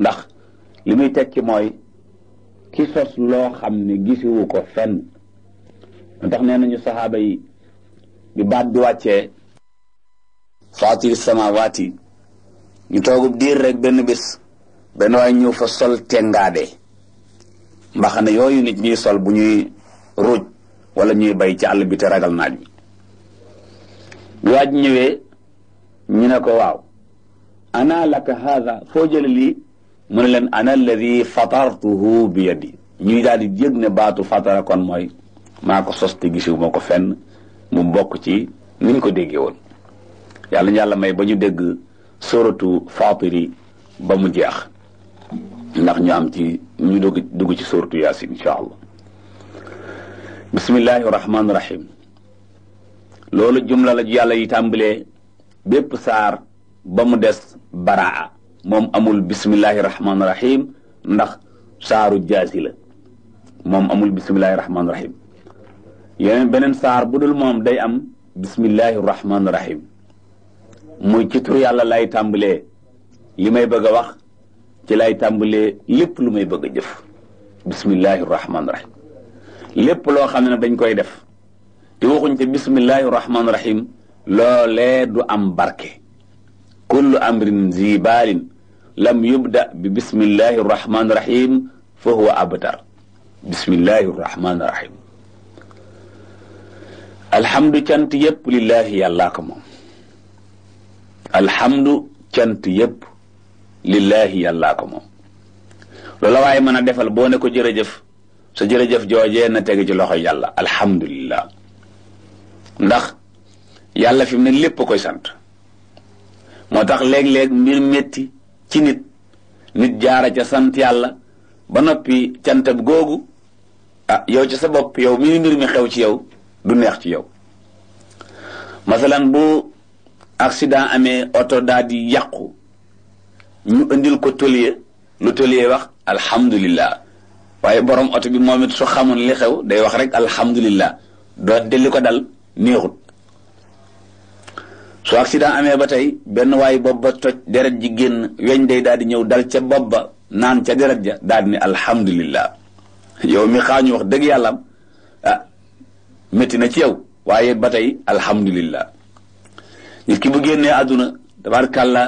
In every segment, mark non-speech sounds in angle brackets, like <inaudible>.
ndax li muy tekki mooy ki sos loo xam ne gisuwu ko fenn ndax nee nañu saxaaba yi bi baat bi wàccee faatiri samawaati ñu toogub diir rek benn bis benn waay ñëw fa sol tengaade mbaxana yooyu nit ñuy sol bu ñuy ruuj wala ñuy bay ci àll bi te ragal naaj bi waaj ñëwee ñu ne ko waaw ana laka haada foo jële lii mu ne leen ana alladi fatartuhu bi yadi ñuy daal di yëg ne baatu fatara kon mooy maa ko sos te gisiwu ma ko fenn mu bokk ci ni ñu ko déggee woon yàlla ñu yàlla may ba ñu dégg sóoratu faatiri ba mu jeex ndax ñu am ci ñu dugg dugg ci sóoratu yaasin incha allah bismillahi rahmaani rahim loolu jumla la yàlla yi tàmbalee bépp saar ba mu des baraa moom amul bismillahi rahmaani rahim ndax saaru jaasi la moom amul bismillahi rahmaani rahim yeneen beneen saar bu dul moom day am bismillahi rahmaan rahim muy ci tur yàlla lay tàmbalee li may bëgg a wax ci lay tàmbalee lépp lu may bëgg a jëf bismillahi rahmaani rahim lépp loo xam ne dañ koy def te waxuñ ca bismillahi rahmaani rahim loolee du am barke kullu amrin zi baalin lam yubda bi bismillahi rahmaani rahim fa huwa abtar bismillahi rahmaani rahim alhamdu cant yëpp lillahi yàllaa ko moom alhamdu cant yëpp lillahi yàllaa ko moom loola waaye mën a defal boo ne ko jërëjëf sa jërëjëf joojee na teg ci loxo yàlla alhamdulillah ndax yàlla fi mu ne lépp koy sant moo tax léeg-léeg mbir métti ci nit nit jaara ca sant yàlla ba noppi cantab googu ah yow ci sa bopp yow mi mbir mi xew ci yow du neex ci yow masalan bu accident amee oto daa di yàqu ñu indil ko tolier lu tolier wax alhamdulillah waaye borom oto bi moom it su xamoon li xew day wax rek alhamdulillah doon te ko dal neexut su accident amee ba tey benn waay bopp ba toj deret ji génn weñ day daal di ñëw dal ca bopp ba naan ca deret ja daal di alhamdulillah yow mi xaañu wax dëgg yàlla ah na ci yow waaye ba tey alhamdulillah nit ki bu génnee àdduna tabarkàlla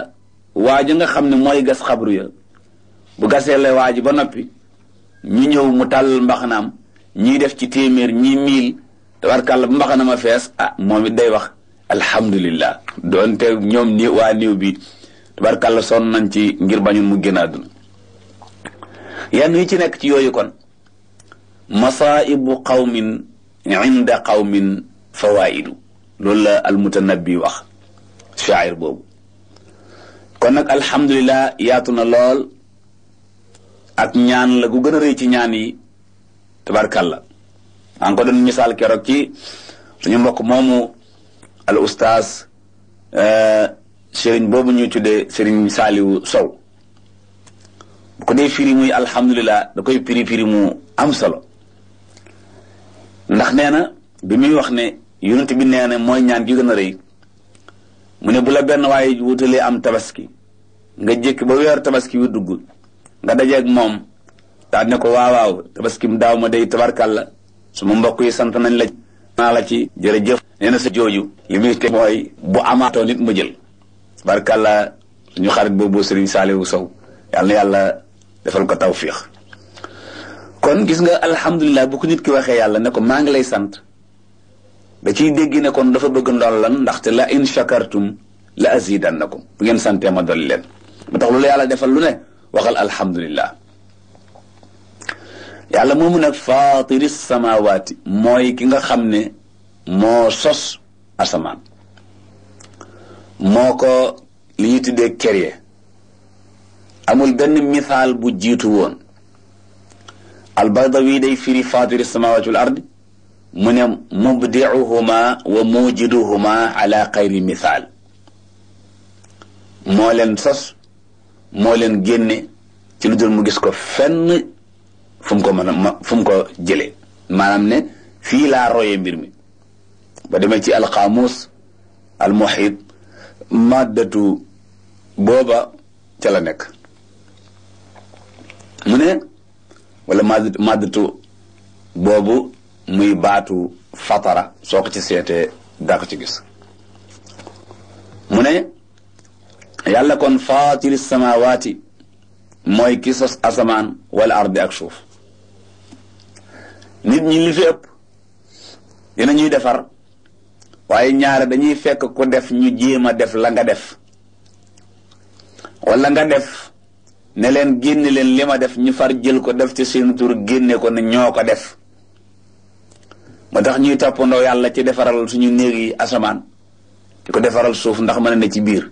waa ji nga xam ne mooy gas xabru ya bu gasee la waa ji ba noppi ñu ñëw mu tàllal mbaxanaam ñii def ci téeméer ñii miil tabarkàlla bu mbaxanaam a fees ah moom it day wax alhamdulillah doonte ñoom ni waa néew bi tubarkàlla sonn nañ ci ngir bañun mu génn àdduna yenn yi ci nekk ci yooyu kon masaa'ibu qawmin inda qawmin fawaa'idu loolu la almutanabbi wax shaa'ir boobu kon nag alhamdulilah yaatu na lool ak ñaan la gu gën a rëy ci ñaan yi tabarkàlla la ngi ko doon misaal keroog ci suñu mbokk moomu al ustaas Euh, sëriñ boobu ñuy tuddee sëriñ saaliwu sow bu ko dee firi muy alhamdulilah da koy piri piri mu am solo ndax nee na bi muy wax ne yu bi nee na mooy ñaan gi gën a rëy mu ne bu la benn waaye wutalee am tabaski nga jékki ba weer tabaski wi dugg nga dajeeg moom daal ne ko waawaaw tabaski mu daaw ma day tabarkàlla su ma mbokk yi sant nañ la naa la ci jërëjëf nee na jooju li muy te mooy bu amaatoo nit mu jël barkàlla ñu xarit boobu Serigne Saliou Sow yàlla yàlla defal ko tawfiix kon gis nga alhamdulilah bu ko nit ki waxee yàlla ne ko maa ngi lay sant da ciy dégg ne kon dafa bëgg ndollan ndaxte la in shakartum la azidannakum bu ngeen santee ma dolli leen. mu tax lu la yàlla defal lu ne waxal alhamdulilah. yàlla moomu nag faatiri samawaati mooy ki nga xam ne moo sos asamaan moo ko li ñu tuddee créé amul benn misaal bu jiitu woon albaydawi day firi faatiri samawaati wal ard mu ne mubdiuhuma wa mujiduhuma ala misaal moo leen sos moo leen génne ci lu mu gis ko fu mu ko mën a ma ko jëlee maanaam ne fii laa roye mbir mi ba demee ci alqaamuus almuhit maddatu booba ca la nekk mu ne wala madd maddatu boobu muy baatu fatara soo ko ci seetee daa ko ci gis mu ne yàlla kon faatiri samawaati mooy ki asamaan wala ardi ak suuf nit ñi li fi ñuy defar waaye ñaare dañuy fekk ku def ñu jéem a def la nga def walla nga def ne leen génne leen li ma def ñu far jël ko def ci seen tur génne ko ne ñoo ko def moo tax ñuy toppandoo yàlla ci defaral suñu néeg yi asamaan di ko defaral suuf ndax mën na ci biir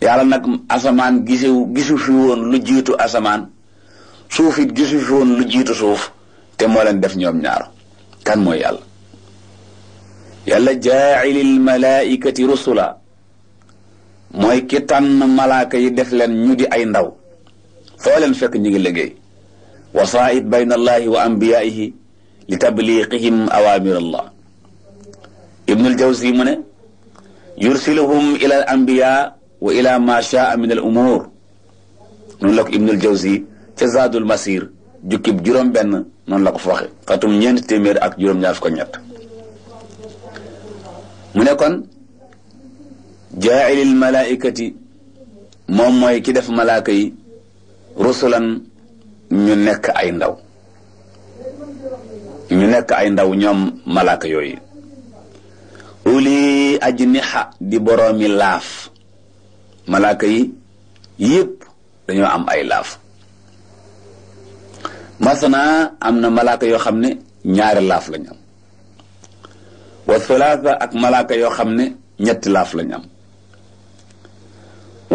yàlla nag asamaan gisu gisu fi woon lu jiitu asamaan suufit it gisu fi woon lu jiitu suuf te moo leen def ñoom ñaar kan mooy yàlla yàlla jaacilil malaikati rusula mooy ki tànn malaaka yi def leen ñu di ay ndaw foo leen fekk ñu ngi liggéey wasaa'id bayna allahi wa anbiyaihi li tabliqihim awamir allah ibnul jawzi mu ne yursiluhum ila al wa ila ma shaa min al umur noonu la ko ibnul jawzi ca jukkib juróom noonu la ko fa waxe atum ñeenti ak juróom-ñaar fukk ñett mu ne kon jaailil malaikati moom mooy ki def malaaka yi rusulan ñu nekk ay ndaw ñu nekk ay ndaw ñoom malaaka yooyu uli ajniha di boroomi laaf malaaka yi yëpp dañoo am ay laaf masana am na malaaka yoo xam ne ñaari laaf lañ am wa thulaatha ak malaaka yoo xam ne ñetti laaf lañ am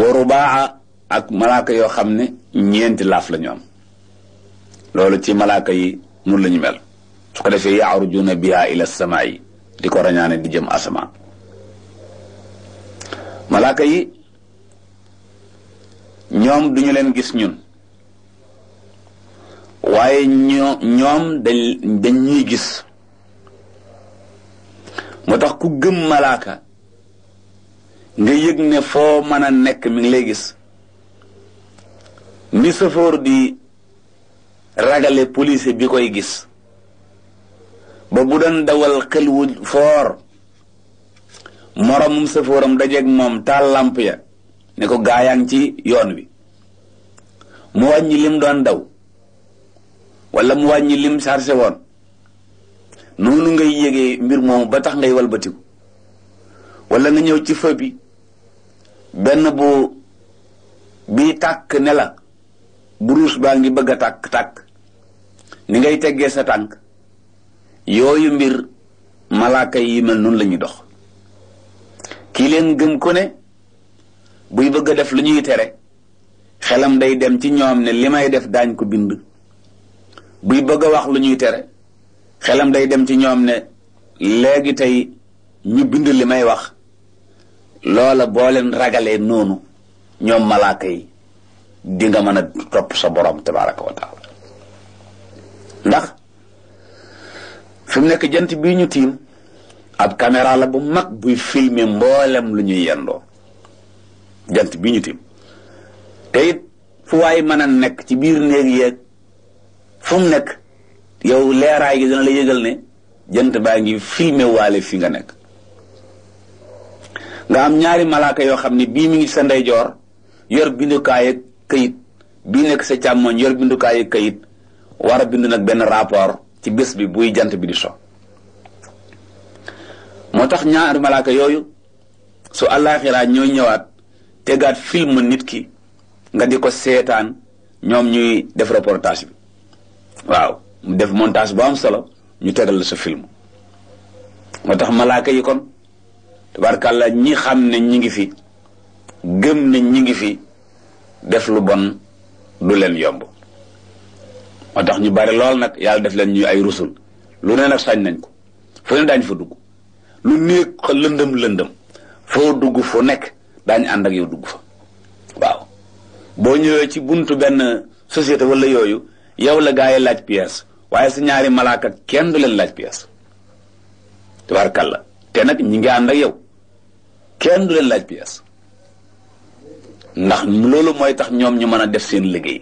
wa rubaa ak malaaka yoo xam ne ñeenti laaf lañu am loolu ci malaaka yi nun lañu mel su ko defee yaarujuna biha ila samaa yi di ko rañaane di jëm asamaan malaaka yi ñoom duñu leen gis ñun waaye ñoom da dañ ñuy gis moo tax ku gëm malaaka nga yëg ne foo mën a nekk mi ngi lay gis ni sëfoor di ragale police bi koy gis ba bu doon dawal xel wu foor moroomum sëfooram dajeeg moom taal làmp ne ko gaayaan ci yoon wi mu wàññi lim doon daw wala mu wàññi lim chargé woon noonu ngay yégee mbir moomu ba tax ngay walbatiku walla nga ñëw ci feu bi benn bu bii tàkk ne la buruus baa ngi bëgg a tàkk-tàkk ni ngay teggee sa tànk yooyu mbir malaaka yi mel noonu lañuy dox kii leen gën ku ne buy bëgg a def lu ñuy tere xelam day dem ci ñoom ne li may def daañ ko bind buy bëgg a wax lu ñuy tere xelam day dem ci ñoom ne léegi tey ñu bind li may wax loola boo ragalee noonu ñoom malaaka yi di nga mën a topp sa borom tabaraka wa ndax fi mu nekk jant bi ñu tiim ab caméra la bu mag buy filmer mboolem lu ñuy yendoo jant bi ñu tiim te it fu waay mën a nekk ci biir néeg yeeg fu mu nekk yow leeraay gi dina la yëgal ne jant baa ngi filmé waale fi nga nekk nga am ñaari malaaka yoo xam ne bii mu ngi sa ndeyjoor yor bindukaay ak kayit bii nekk sa càmmoñ yor bindukaay ak kayit war a bind nag benn rapport ci bés bi buy jant bi di so moo tax ñaari malaaka yooyu su àllaaxiraa ñooy ñëwaat tegaat film nit ki nga di ko seetaan ñoom ñuy def reportage bi waaw mu def montage bu am solo ñu tegal la sa film moo tax malaaka yi kon tabarkàlla ñi xam ne ñi ngi fi gëm ne ñi ngi fi def lu bon du leen yomb moo tax ñu bari lool nag yàlla def leen ñuy ay rusul lu ne nag sañ nañ ko fu ne daañu fa dugg lu néeg lëndëm lëndëm foo dugg fu nekk daañu ànd ak yow dugg fa waaw boo ñëwee ci buntu benn société walla yooyu yow la gaa yi laaj pièce waaye sa ñaari malaaka kenn du leen laaj pièce tabarkàlla te nag ñi ngi ànd yow kenn du leen laaj pièce ndax loolu mooy tax ñoom ñu mën a def seen liggéey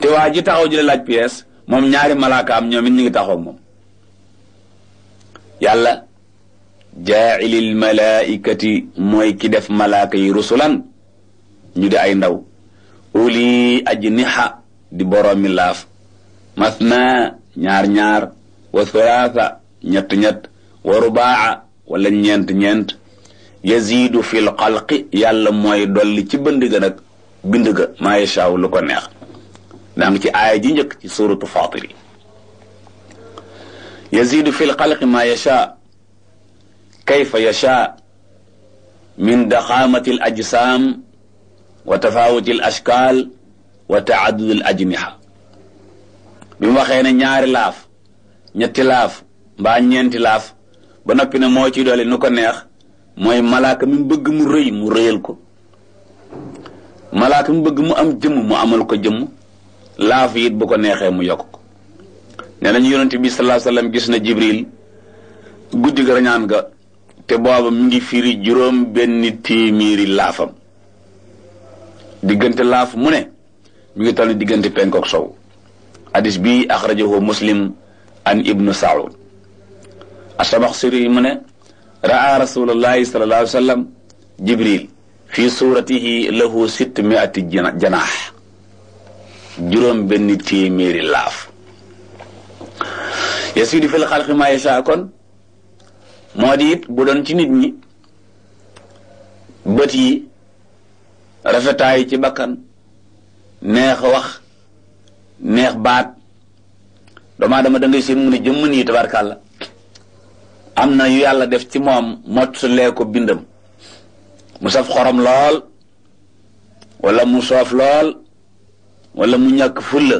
te waa ji taxaw ji la laaj pièce moom ñaari malaaka am ñoom it ñu ngi taxaw moom yàlla jaailil malaikati mooy ki def malaaka yi ñu di ay ndaw uli ajniha di boroomi laaf masna ñaar-ñaar wa sulaasa ñett-ñett wa rubaa wala ñeent-ñeent yaziidu fil xalqi yàlla mooy dolli ci bënd ga nag bind ga maa yashaaw lu ko neex daa ngi ci aaya ji njëkk ci suuratu Faatir yi yaziidu fil xalqi maa yashaa kayfa yashaa min daxaamati al ajsaam wa tafaawuti al ashkaal wa tacaddudi al ajniha bi mu waxee ne ñaari laaf ñetti laaf mbaa ñeenti laaf ba noppi ne moo ci dolli nu ko neex mooy malaaka mi mu bëgg mu rëy mu rëyal ko malaaka mi bëgg mu am jëmm mu amal ko jëmm laaf it bu ko neexee mu yokk ko ne nañu yonent bi sallallahu alayhi gis na jibril guddi ga rañaan ga te booba mu ngi firi juróom benn téeméeri laafam diggante laaf mu ne mu ngi toll diggante penk ak sow hadis bi axrajahu muslim an ibnu saud asabaxsiri mu ne raa rasulullahi sallallahu alayhi wa sallam jibril fi suratihi lahu sittmiati janaax juróom benn téeméeri laaf yasidu fil xalqi maa yashaa kon moo bu doon ci nit ñi bët yi rafetaay ci bakkan neex wax neex baat doomu aadama da ngay seen mu ne jëmm nii tabarkàlla am na yàlla def ci moom mottulee ko bindam mu saf xorom lool walla mu soof lool walla mu ñàkk fulla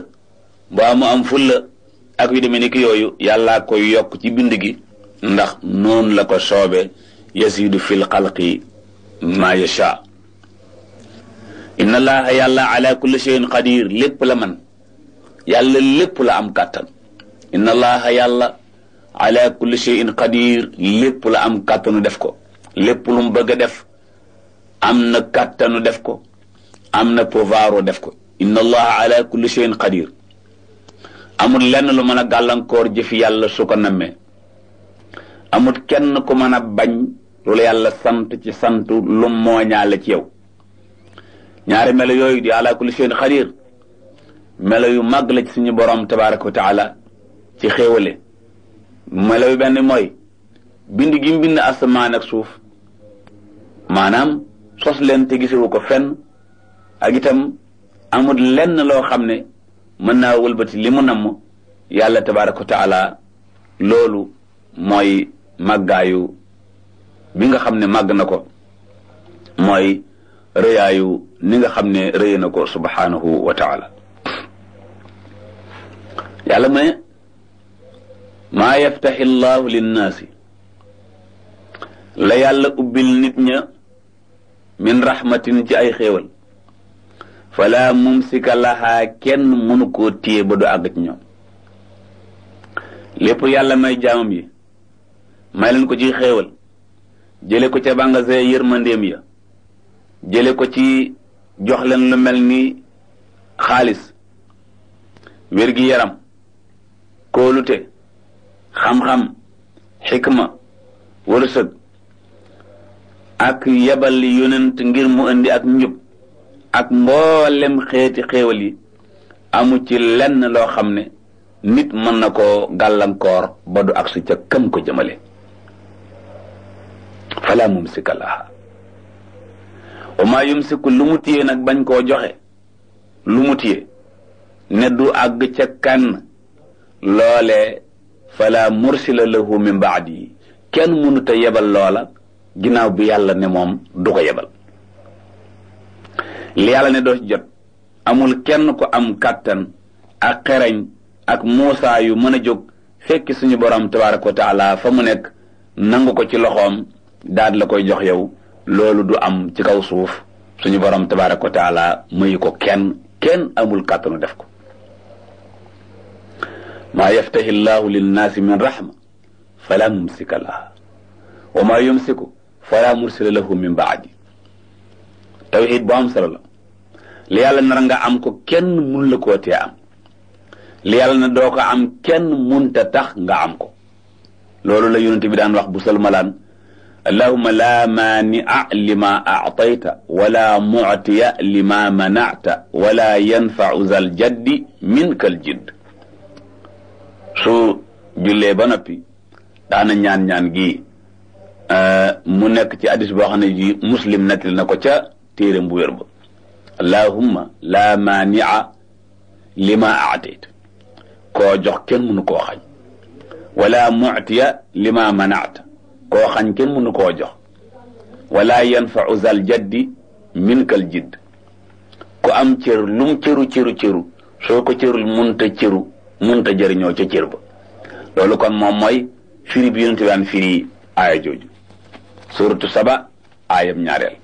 mbaa mu am fulla ak yu demee ni ki yooyu yàllaa koy yokk ci bind gi ndax noonu la ko soobe yasidu fil xalqi ma yasha inna allaha yàlla ala kulli shay'in qadir lépp la man yàlla lépp la am kàttan inna allaha yàlla ala kulli shay'in qadir lépp la am kàttanu def ko lépp lu mu bëgg a def am na kàttanu def ko am na pouvoir def ko inna allaha ala kulli shay'in qadir amul lenn lu mën a gàllankoor jëfi yàlla su ko nammee amul kenn ku mën a bañ lu la yàlla sant ci sant lu mooñaale ci yow ñaari melo yooyu di ala kulli shay'in qadir melo yu màgg la ci suñu borom tabaraka wa taala ci xéewale melo yu benn mooy bind gi mu bind asamaan ak suuf maanaam sos leen te gisewu ko fenn ak itam amul lenn loo xam ne mën naa wëlbati li mu namm yàlla tabaraka wa taala loolu mooy màggaayu bi nga xam ne màgg na ko mooy rëyaayu ni nga xam ne rëy na ko subhanahu wa yàlla ma ne maa yaftaxi llaahu linnaasi la yàlla ubbil nit ña min rahmatin ci ay xéewal fala mumsika lahaa kenn mënu koo téye ba du àgg ci ñoom lépp yàlla may jaamam yi may leen ko ci xéewal jële ko ca bàngase yërmandeem ya jële ko ci jox leen lu mel ni xaalis wér gi yaram kolute xam-xam xikma wërsëg ak yabal yonent ngir mu indi ak njub ak mboolem xeeti xéewal yi amu ci lenn loo xam ne nit mën na ko gàllankoor ba du agsi ca kam ko jëmale fala mumsika laha wa maa yumsiku lu mu téye nag bañ koo joxe lu mu ne du àgg ca loolee fala mursila lahu min baadi yi kenn mënuta yebal loola ginnaaw bi yàlla ne moom du ko yebal li yàlla ne doo jot amul kenn ko am kàttan ak xereñ ak muusaa yu mën a jóg fekki suñu borom tabaraka wa taala fa mu nekk nangu ko ci loxoom daal la koy jox yow loolu du am ci kaw suuf suñu borom tabaraka wa taala mayu ko kenn kenn amul kàttanu def ko maa yaftahi llahu linnaasi min rahma fala mumsika laha wa maa yumsiku fala mursila lahu min baadi tawxiid bu am solo la li yàlla nar nga am ko kenn mun la koo tee am li yàlla na doo ko am kenn munta tax nga am ko loolu la yonent bi daan wax bu salmalaan allahuma laa maani'a lima a'tayta wala mu'tiya lima mana'ta wala yanfa'u zal jaddi minkal jidd su jullee ba noppi daana ñaan ñaan gi euh, mu nekk ci hadis boo xam ne ji muslim nettali na ko ca téeram bu wér ba allahumma la maania lima aatayt koo jox kenn mënu koo xañ wala mu'tiya lima manaata koo xañ kenn mënu koo jox wala yanfau zal jaddi minkal jidd ku am cër lum cëru cëru cëru soo ko cërul munta cëru mënta jëriñoo ca cër ba loolu kon moom mooy firi bi yonente waan firi aaya jooju suratu saba aayam ñaareel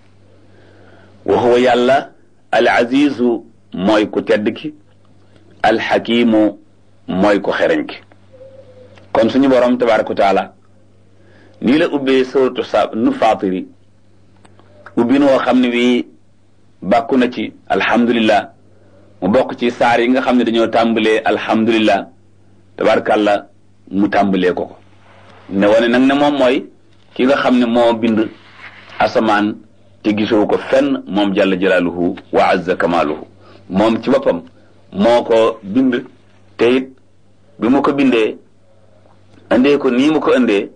wa huwa yàlla al azizu mooy ku tedd ki al xakimu mooy ku xereñ ki kon suñu borom tabaraka taala nii la ubbi suratu sa nu faatiri ubbi noo xam ne wi bàkku na ci alhamdulillah mu bokk ci saar yi nga xam ne dañoo tàmbalee alhamdulillah tabarkàlla mu tàmbalee ko ko ne wane nag ne moom mooy ki nga xam ne moo bind asamaan te gisoo ko fenn moom jàlla jalaaluhu wa azza kamaaluhu moom ci boppam moo ko bind te it bi ko bindee indee ko nii mu ko indee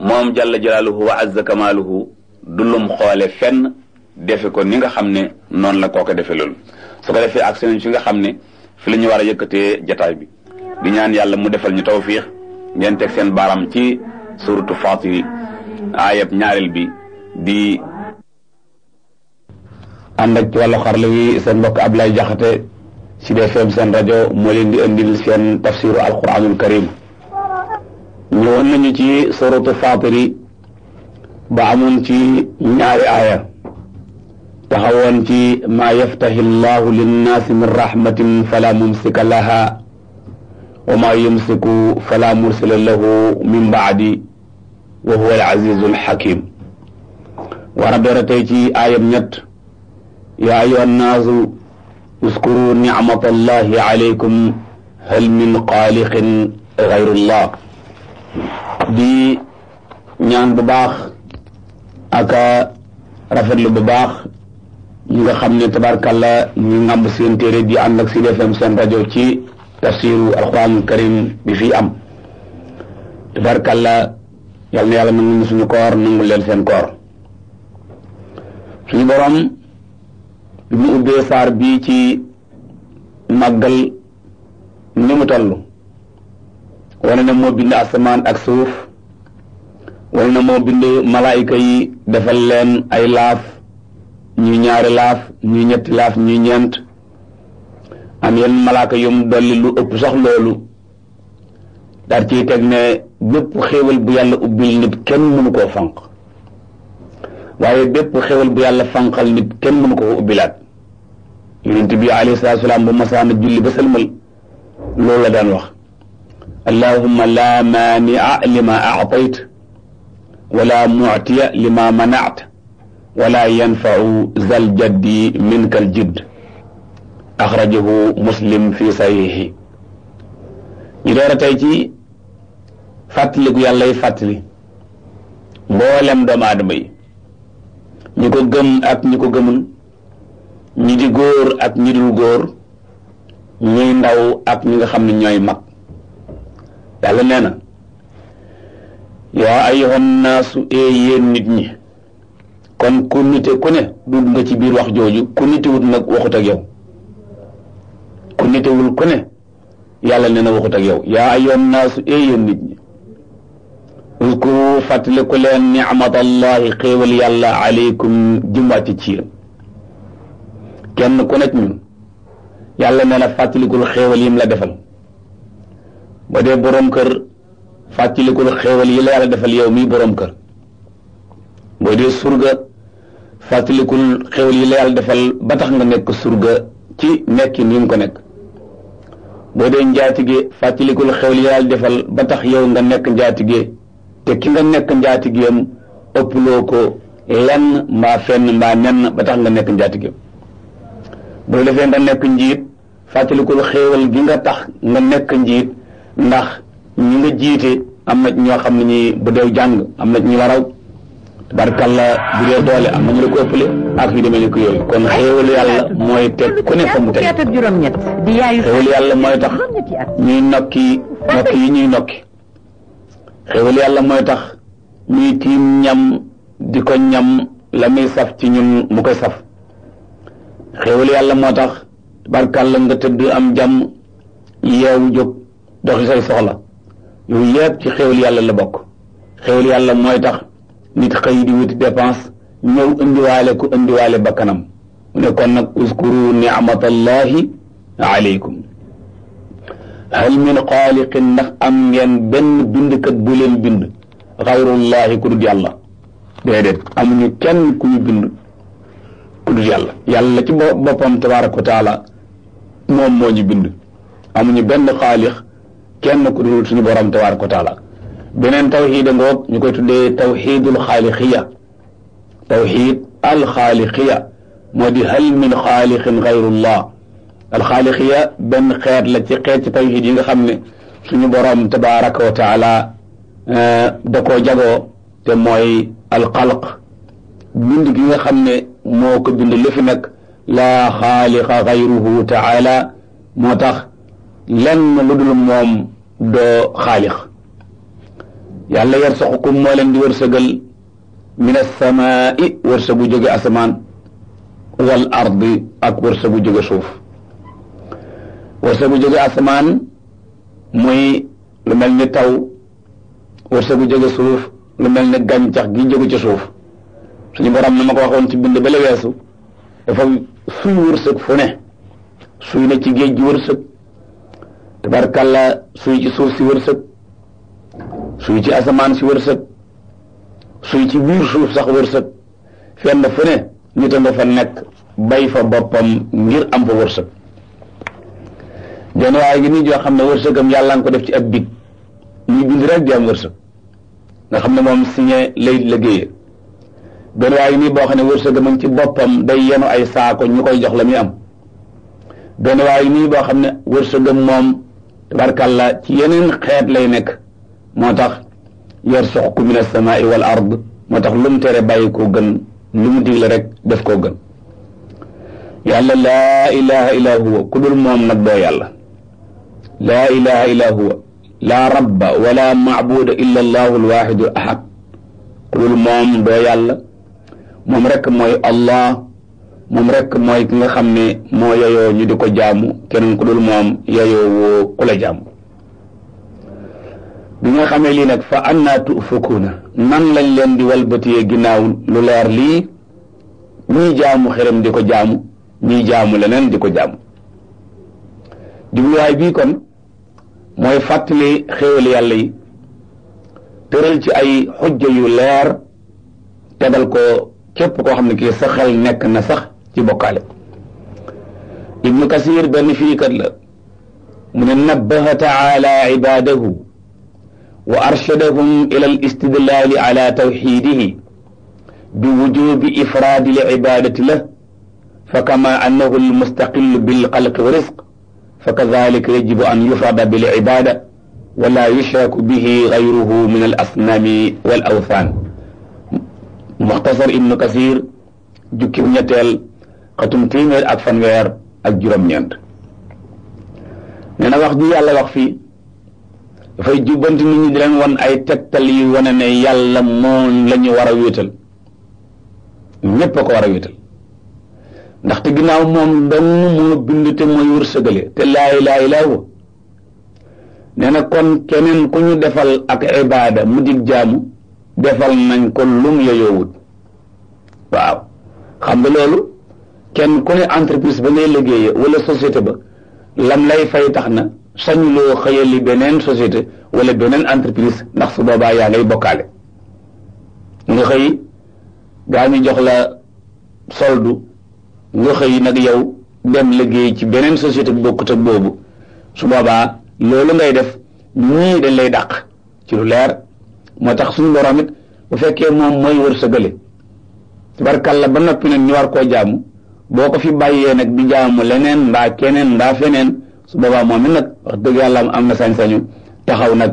moom jàlla jalaaluhu wa azza kamaaluhu du lum xoole fenn defe ko ni nga xam ne noonu la koo ko defe loolu soo ko defee ak seen si nga xam ne fi la ñu war a yëkkatee jataay bi di ñaan yàlla mu defal ñu taw tawfiix ngeen teg seen baaraam ci suratu Faatiri ayab ñaareel bi di ànd ak ci wàllu xarala wi seen mbokk Ablaye Jaxate ci Sud seen rajo moo leen di seen tafsiru alquranul karim ñëwoon nañu ci suratu Faatiri ba amoon ci ñaari aaya taxawoon ci maa yaftahi llahu linnaasi min rahmatin fala mumsika laha wa maa yumsiku fala mursila lahu min baadi wa huwa al azizu al xakim war a doora tey ci aayam ñett yaa ayyuha annaasu uskuru nicmat allahi alaykum hal min xaaliqin gayrullah di ñaan bu baax aka rafetlu bu baax ñi nga xam ne tabarkàlla ñu ngàmb seen téere di ànd ak Sud FM seen rajo ci tafsiru alxuraanul karim bi fii am tabarkàlla yal na yàlla nangu suñu koor nangu leen seen koor suñu borom bi mu ubbee saar bii ci màggal ni mu toll wane na moo bind asamaan ak suuf wane na moo bind malaayika yi defal leen ay laaf ñuy ñaari laaf ñuy ñetti laaf ñuy ñeent am yenn malaaka yum dolli lu ëpp sax loolu dar ciy teg ne bépp xéewal bu yàlla ubbil nit kenn mënu koo waaye bépp xéewal bu yàlla fànqal nit kenn mënu koo ubbilaat yonent bi alayhi salaatu salaam bu masaana julli ba sëlmal loolu la daan wax allahumma laa maania lima aatayt wala muctiya lima manaat wala yanfau zal jaddi minkal jidd axrajahu muslim fi sahihi ñu door a tey ci fàttaliku yàlla yi fàttali mboolem doomu aadama yi ñi ko gëm ak ñi ko gëmul ñi di góor ak ñi dul góor ñuy ndaw ak ñi nga xam ne ñooy mag yàlla nee na yaa ayyuhan naasu ee yéen nit ñi kon ku nite ku ne dugg nga ci biir wax jooju ku nitewut nag waxut ak yow ku nitewul ku ne yàlla nee na waxut yow yaa ayoon naasu ee yéen nit ñi uskuru fàttaliku leen nicmatallahi xéewal yàlla aleykum jumwaati ci kenn ku nekk ñun yàlla nee na fàttalikul xéewal yim la defal ba dee boroom kër fàttalikul xéewal yi la yàlla defal yow mii boroom kër boo dee surga fàttalikul xéwal yi la yàlla defal ba tax nga nekk surga ci nekki ni mu ko nekk boo dee njaatige fàttalikul xéwal yi la yàlla defal ba tax yow nga nekk njaatige te ki nga nekk njaatigeem ëpploo ko lenn mbaa fenn mbaa nenn ba tax nga nekk njaatigeem boo defee nga nekk njiit fàttalikul xéewal gi nga tax nga nekk njiit ndax ñi nga jiite am na ñoo xam ne ñi bu deew jàng am na ñu waraw la bu dee doole am nañu la ko ëppale ak yu demee ni ko yooyu kon xéewalu yàlla mooy teg ku ne fa mu teg xéewalu yàlla mooy tax ñuy nokki nokki yi ñuy nokki xéewalu yàlla mooy tax ñuy tiim ñam di ko ñam la muy saf ci ñun mu koy saf xéewalu yàlla moo tax barkalla nga tëdd am jàmm yeewu jóg doxi say soxla yooyu yëpp ci xéewalu yàlla la bokk xéewalu yàlla mooy tax nit xëy di wuti dépense ñëw indiwaale ku bakkanam mu ne kon nag uskuru nicmatallahi aleykum hal min xaaliqin ndax am ngeen benn bindkat bu leen bind xayrullahi ku dul yàlla déedéet amuñu kenn ku bind ku dul yàlla yàlla ci boppam tabaraka wa moom moo ñu bind amuñu benn xaalix kenn ku dul suñu borom tabaraka wa beneen tawxiid a ngoog ñu koy tuddee tawxiidul xaaliqiya tawxiid alxaaliqiya moo di hal min xaaliqin xayrullah alxaaliqiya benn xeet la ci xeet ci yi nga xam ne suñu borom tabaraka wa taala eh, da te mooy alxalq bind gi nga xam ne moo ko bind lëfi nag laa xaaliqa taala moo tax len lu moom doo xaaliq yàlla yarsaxukum moo leen di wërsëgal min assamaa'i wërsëgu jóge asamaan wal ardi ak wërsëgu jóge suuf wërsëgu jóge asamaan muy lu mel ni taw wërsëgu jóge suuf lu mel ni gàncax gi jóge ci suuf suñu borom na ma ko waxoon ci bind ba weesu dafa suy wërsëg fu ne suy na ci géej gi wërsëg tabarkàlla suy ci suuf si wërsëg suy ci asamaan si wërsëg suy ci biir suuf sax wërsëg fenn fu ne nit a nga fa nekk bay fa boppam ngir am fa wërsëg jon waaye gi nii joo xam ne wërsëgam yàllaa nga ko def ci ab big muy bind rek di am wërsëg nga xam ne moom signé lay liggéeyee jon waaye gi nii boo xam ne wërsëgam a ngi ci boppam day yenu ay saako ñu koy jox la muy am jon waaye boo xam ne wërsëgam moom tabarkàlla ci yeneen xeet lay nekk moo tax yarsuqku min as-samaa'i wal ard moo tax lu mu tere bàyyi koo gën lu mu digle rek def koo gën yàlla laa ilaha illa huwa ku dul moom nag doo yàlla laa ilaha illa huwa laa rabba wala maabuda illa allahu alwaxidu al ahad ku dul moom doo yàlla moom rek mooy allah moom rek mooy ki nga xam ne moo yeyoo ñu di ko jaamu keneen ku dul moom yeyoo woo ku la jaamu bi nga xamee lii nag fa annaa tu'fakuuna nan lañ leen di walbatiyee ginnaaw lu leer lii ñii jaamu xërëm di ko jaamu ñii jaamu leneen di ko jaamu jubluwaay bi kon mooy fàttali xéewal yàlla yi tëral ci ay xujja yu leer tegal ko képp koo xam ne kii sa nekk na sax ci bokkaale ibnu kasir benn firikat la mu ne nabbaha taala ibadahu wa arshadahum ila al istidlali ala tawxidihi biwujubi ifraadi lcibadati lah fakama annahu almustaqilu bilxalqi wa risq fakadalika yajibu an yufrada bilcibada wala yushraku bihi gayruhu min alasnaami wal awthaan muxtasar ibnu kasir jukkib ñetteel xatum téeméer ak fanweer ak juróom-ñeent nee na wax ji yàlla wax fii dafay jubbanti nit ñi di wan ay tegtal yi wane ne yàlla moom la war a wéetal ñépp a ko war a wéetal ndaxte ginnaaw moom dong moo bind te mooy sëgale te laa ilaaha illaa huwa nee na kon keneen ku ñu defal ak ibaada mu dig jaamu defal nañ ko lum yoyoowut waaw xam nga loolu kenn ku ne entreprise ba ngay liggéeye wala société ba lam lay fay tax na sañuloo xëyali beneen société wala beneen entreprise ndax su boobaa yaa ngay bokkaale nga xëy gaa ñu jox la soldu nga xëy nag yow dem liggéey ci beneen société bu bokkut ak boobu su boobaa loolu ngay def ñii dañ lay dàq ci lu leer moo tax suñu borom bu fekkee moom mooy wërsëgale la ba noppi nag ñu war koo jàmm boo ko fi bàyyee nag bi jaamu leneen mbaa keneen mbaa feneen su boobaa moom it nag wax dëgg yàlla am na sañ-sañu taxaw nag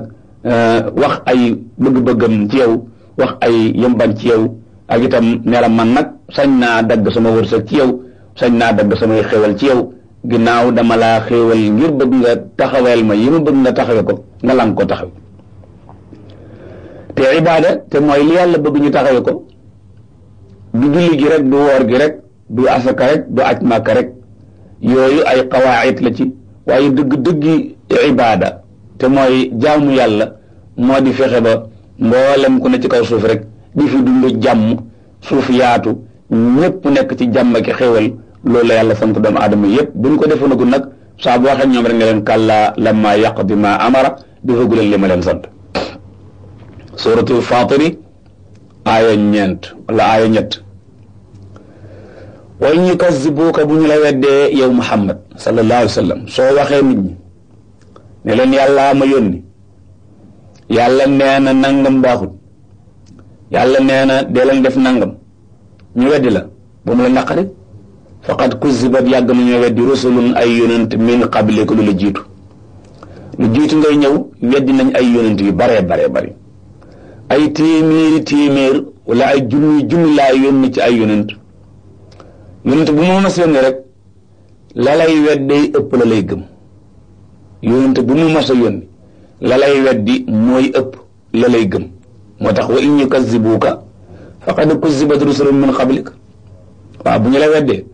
euh, wax ay bëgg-bëggam ci yow wax ay yëmban ci yow ak itam neeram man nag sañ naa dagg sama wërsëg ci yow sañ naa dagg samay xéwal ci yow ginnaaw dama laa xéwal ngir bëgg nga taxaweel ma yi ma bëgg nga taxawe ko nga lang ko taxaw te ibaada te mooy li yàlla bëgg ñu taxawe ko du julli gi rek du woor gi rek du asaka rek du aj màkka rek yooyu ay qawaayit la ci waaye dëgg-dëggi ibaada te mooy jaamu yàlla moo di fexe ba mboolem ku ne ci kaw suuf rek di fi dund jàmm suuf yaatu ñépp nekk ci jàmm ak xéwal loolu la yàlla sant doomu aadama yépp bu ñu ko defoonagul nag saa boo waxee ñoom rek nga leen kàllaa lammaa yaqdi maa amara defagu leen li ma leen sant suratul faatiri aaya ñeent wala aaya ñett wa in yukazzibuuka bu ñu la weddee yow muhammad sallallahu alayhi wa sallam soo waxee nit ñi ne leen yàllaa ma yónni yàlla nee na nangam baaxut yàlla nee na dee leen def nangam ñu weddi la ba mu la naqari faqad kuzzibat yàgg na ñu weddi rusulun ay yonent min qabliku lu la jiitu lu jiitu ngay ñëw weddi nañ ay yonent yu baree baree bari ay téeméeri téeméer wala ay junni junni laa yónni ci ay yonent yonent bu mu mas yónni rek la lay weddi ëpp la lay gëm yonent bu mu mas a yónni la lay weddi mooy ëpp la lay gëm tax wa in yukazzibuuka faqad kuzzibat rusulun min qablik waaw bu ñu la weddee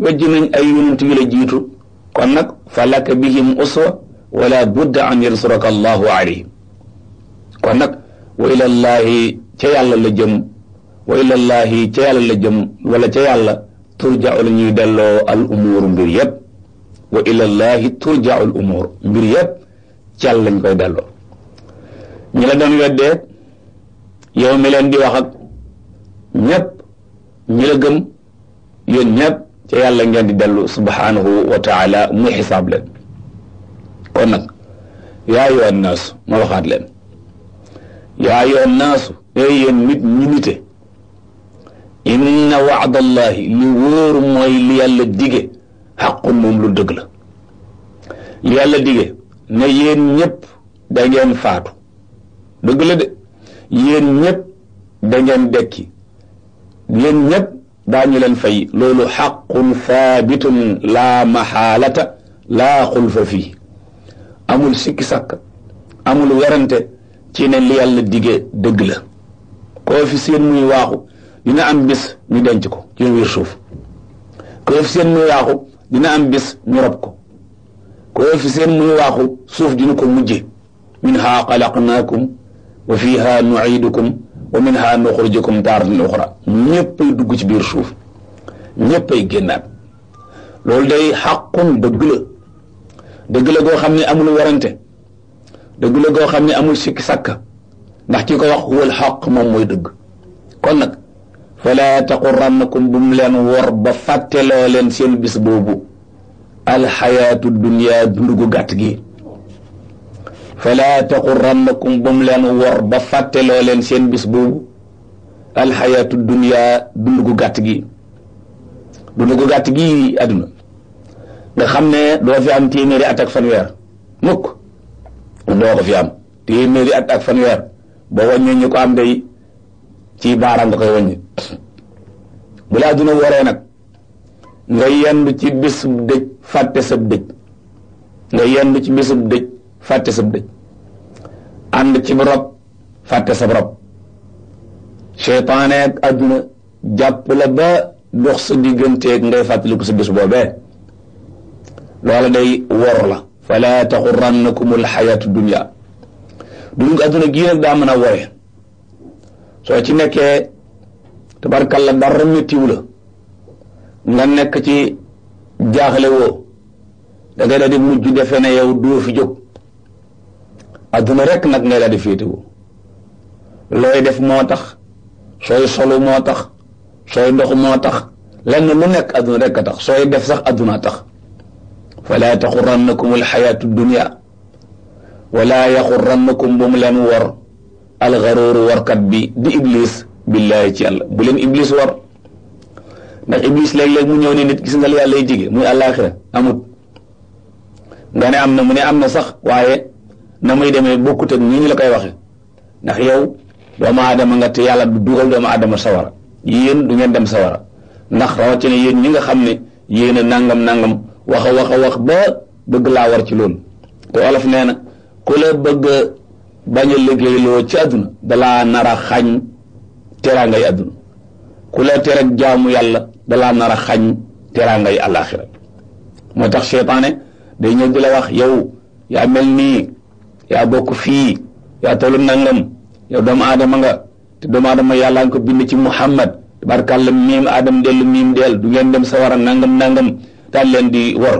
wejj nañ ay yonent yu la jiitu kon nag falaka bihim uswa wala budda an yansuraka allahu alayhim kon nag wa ilallaahi ca yàlla la jëm wa ilallaahi ca yàlla la jëm wala ca yàlla turja'u la ñuy delloo al umuuru mbir yëpp wa ilallahi turja'u umuur mbir yëpp càll lañ koy delloo ñi la doon weddee yow leen di wax ak ñëpp la gëm yéen ñëpp ca yàlla ngeen di dellu subhanahu wa taala muy xisaab leen kon nag yaa ayyuhan naasu ma waxaat leen yaa ayyuhan naasu yéen nit ñi nite inna waadallahi li wóor mooy li dige xaqun moom lu dëgg la li yàlla dige ne yéen ñëpp da ngeen faatu dëgg la de yéen ñëpp da ngeen dekki yéen ñëpp daañu leen fay loolu xaqun thaabitun laa maxaalata laa xulfa fii amul sikki sàkk amul werante ci ne li yàlla dige dëgg la koo fi seen muy waaxu dina am bis ñu denc ko ci biir suuf coefficient muy waaxu dina am bis ñu rob ko coefficient muy waaxu suuf dina ko mujje minha xalaqnaakum wa fiha nuidukum wa minha nuxrijukum taaratan uxra ñëppay dugg ci biir suuf ñëppay génnaat loolu day xàqun dëgg la dëgg la goo xam ne amul warante dëgg la goo xam ne amul sikki sàkk ndax ki ko wax huwal xaq moom mooy dëgg fala taqurannakum bu mu leen wor ba fàtteloo leen seen bis boobu alxayaatu dunya dund gu gàtt gi fala taqurannakum bu mu leen wor ba fàtteloo leen seen bis boobu alxayaatu dunya dund gu gàtt gi dund gu gàtt gi àdduna nga xam ne doo fi am téeméeri at ak fanweer mukk doo fi am téeméeri at ak fanweer boo wàññee ñu ko am day ci baaraam nga koy wàññi <coughs> bu la adduna wooree nag nga yendu ci bisub dëj fàtte sab dëj nga yendu ci bisub dëj fàtte sab dëj ànd ci rob fàtte sab rob seytaane ak adduna la ba dox sa digganteeg ngay fàttaliku sa bis boobee loola day wor la fala taxurannakum alxayaatu dunya dund adduna gii nag daa mën a soo ci nekkee te tabarkalla dara mettiwu la nga nekk ci jaaxle woo da ngay daal defe ne yow doo fi jóg rekk nag ngay daal di féetewu looy def moo tax sooy solu moo tax sooy ndox moo tax lenn lu nekk adduna rek a tax sooy def sax adduna tax falaa taxurannakum alxayaatu dunia wala yaxurannakum bu mu leen wor alxaróoru warkat bi di iblis billaahi ci yàlla bu leen iblis war ndax iblis léeg-léeg mu ñëw ne nit gis nga la yàlla lay jige muy àllaaxira amut nga ne am na mu ne am na sax waaye na muy demee bokkut ak nii ñu la koy waxe ndax yow doomu aadama nga te yàlla du dugal doomu aadama sawara yéen du ngeen dem sawara ndax rawatina yéen ñi nga xam ne yéen a nangam nangam wax a wax wax ba bëgg laa war ci loolu te olof nee na ku la bëgg bañ a liggéeyloo ci àdduna dalaa nara a xañ teraangay àdduna ku la tere jaamu yàlla dalaa nara a xañ teraangay àllaaxira moo tax seytaane day ñëw di la wax yow ya mel nii ya bokk fii yaa tollu nangam yow doomu aadama nga te doomu aadama yàlla nga ko bind ci muhammad tabarkàlla miim aadam dellu miim deel du ngeen dem sawara nangam nangam daal leen di wor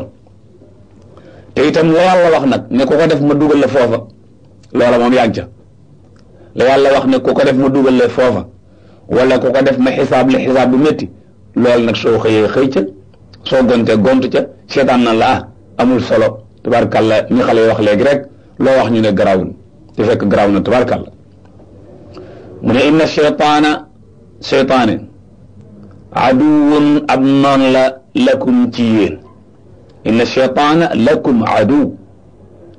te itam la wax nag ne ko ko def ma dugal la foofa loola moom yàgg ca la wax ne ku ko def ma dugal la foofa wala ku ko def ma xisaab la xisaab bu metti loolu nag soo xëyee xëy ca soo gonte gont ca seetaan na la ah, amul solo tubaarkàlla ñu xale yi wax léegi rek loo wax ñu ne garaawul te fekk garaaw na tubaarkàlla mu ne inna seytaana seytaane aduwun ab noon la lakum ci yéen inna seytaana lakum aduw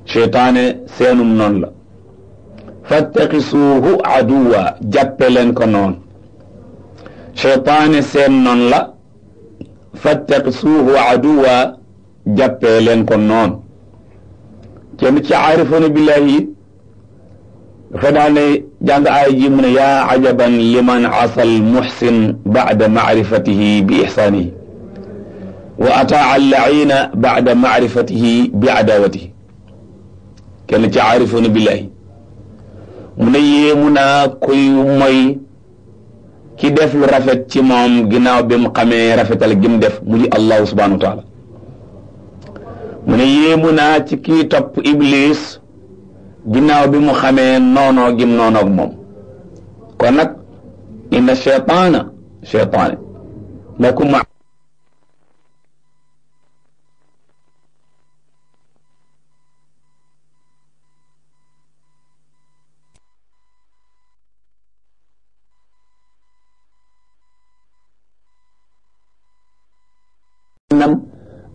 seytaane seenum noon la fattaqisuuhu aduwa jàppe leen ko noon cheytaane seen noon la fattaqisuuhu aduwa jàppee leen ko noon kenn ci aarifoona billahi yi dafa daa ne jàng aaya ji mu ne yaa ajaban liman asal muxsin bacda macrifatihi bi ixsaanihi wa ataa allaina bacda macrifatihi bi adaawatihi kenn ci aarifoona billahi mu ne mu naa koy moy ki def lu rafet ci moom ginnaaw bi mu xamee rafetal gi mu def mu di allahu subhanahu wa taala mu ne yéemu naa ci kii topp iblis ginnaaw bi mu xamee noonoo gim noonoo ak moom kon nag inna cheytaana cheytaane lakum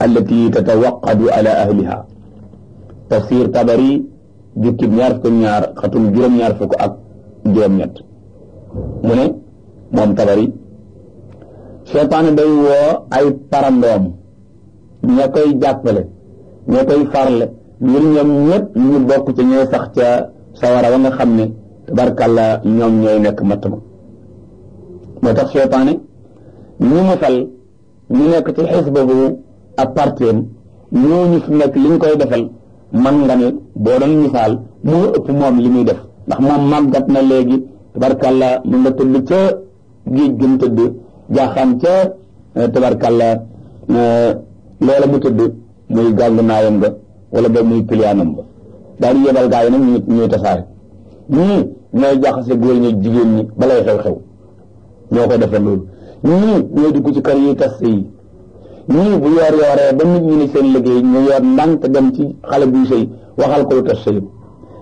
allati tatawaqadu ala ahliha tafsir tabari jukkib ñaar fukk ñaar xatum juróom-ñaar fukk ak juróom-ñett mu ne moom tabari seytaane day woo ay parandoom ña koy jàppale ña koy farle ngir ñoom ñëpp ñu bokk ci ñooy sax ca sawara wa nga xam ne tabarkàlla ñoom ñooy nekk matt ma moo tax seytaane ñu mu fal ñu nekk ci xis boobu ak parteem ñooñu fi nekk li ñu koy defal man nga ne boo doon misaal moo ëpp moom li muy def ndax moom màggat na léegi tabarkalla mu nga tëdd ca gi gën tëdd jaaxaan ca euh, tabarkalla euh, loola mu tëdd muy gàngu naayam nga wala ba muy piliyaanam ba daal di yebal gaa yi nag ñu ñuy tasaare ñii ñooy jaxase góor ñi jigéen ñi balay xew-xew ñoo koy defal loolu ñii ñooy dugg ci kër yi tas yi ñii bu yor yooree ba nit ñi ni seen liggéey ñu yor ndànk dem ci xale buy sëy waxal ko lu tas sëyam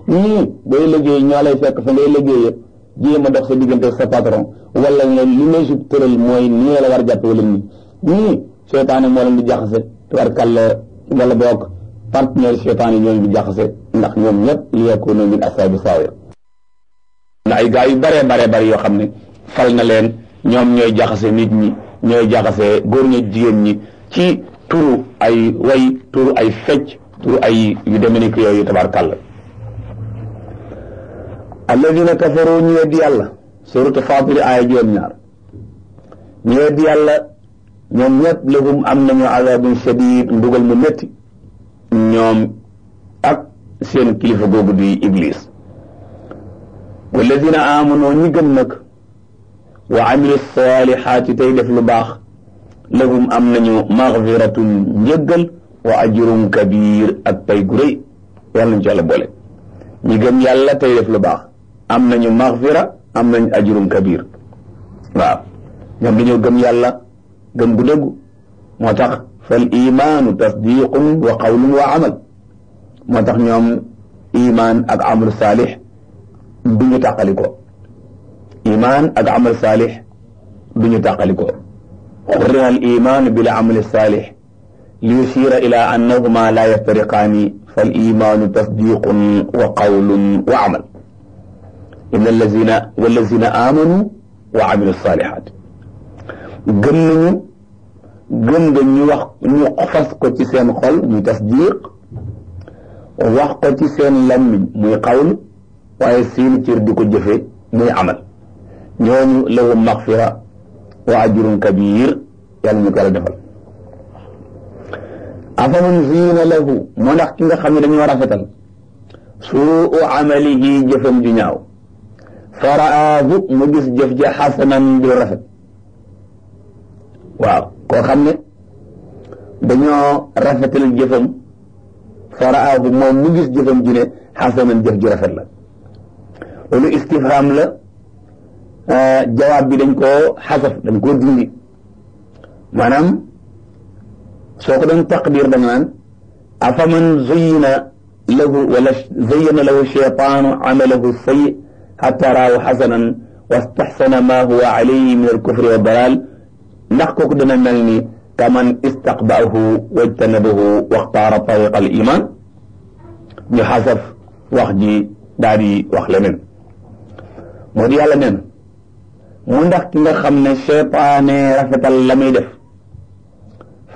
ñii bay liggéey ñoo lay fekk fa ngay liggéeyee jéem a dox sa diggante sa patron wala nga li may sub tëral mooy nii la war a jàppe bu nii ñii seytaane moo leen di jaxase tubarkàlla wala boog partenaire seetaan ñoo leen di jaxase ndax ñoom ñëpp li yakunu min asaabi saawir na ay gaa yu baree baree bari yoo xam ne fal na leen ñoom ñooy jaxase nit ñi ñooy jaxase góor ñi jigéen ñi ci turu ay way turu ay fecc turu ay yu demee ni ko yooyu tabarkàlla alladina kafaru ñu weddi yàlla suratu Faatir aaya juróom ñaar ñu weddi yàlla ñoom ñëpp lahum am nañu azabun shadid mbugal mu métti ñoom ak seen kilifa googu di iblis walladina amanu ñi gëm nag wa amilu salihati tey def lu baax lahum am nañu maxfiratun njëggal wa ajrun kabir ak pay gu rëy yàlla nañu ci yàlla boole ñi gëm yàlla tey def lu baax am nañu maxfira am nañ ajrun kabir waaw ñoom dañoo gëm yàlla gëm gu dëggu moo tax fal imaanu tasdiqun wa qawlun wa amal moo tax ñoom imaan ak amal saalix du ñu tàqali ko ak amal saalix du ñu قرن الإيمان بالعمل الصالح ليشير إلى أنهما لا يفترقان فالإيمان تصديق وقول وعمل إن الذين والذين آمنوا وعملوا الصالحات gëm nañu gëm nga ñu wax ñu fas ko ci seen xol muy tasdiq wax ko ci seen lammiñ muy xawlu waaye seen cër di ko jëfe muy amal ñooñu lahum maxfira wa ajrun kabir yàlla ñu ko yàlla defal afaman zuyina lahu moo ndax ki nga xam ne dañoo rafetal suu amalihi jëfam ju ñaaw fa raahu mu gis xasanan du rafet waaw koo xam ne dañoo rafetal jëfam fa raahu moom mu gis jëfam ju ne xasanan jëf ju la loolu istifham la jawaab bi dañ ko xasaf dañ koo dindi maanaam soo ko doon taqdir da nga naan afaman zuyyina lahu wala zuyyina lahu sheytaanu amalahu sayyi xata raahu xasanan wastaxsana ma huwa alayhi min alkufri wa dalal ndax kooku dana mel ni kaman istaqbaahu wajtanabahu waxtaara tariqa al iman ñu xasaf wax ji daal di wax leneen moo di yàlla neen mu ndax ki nga xam ne cheytaane rafetal la muy def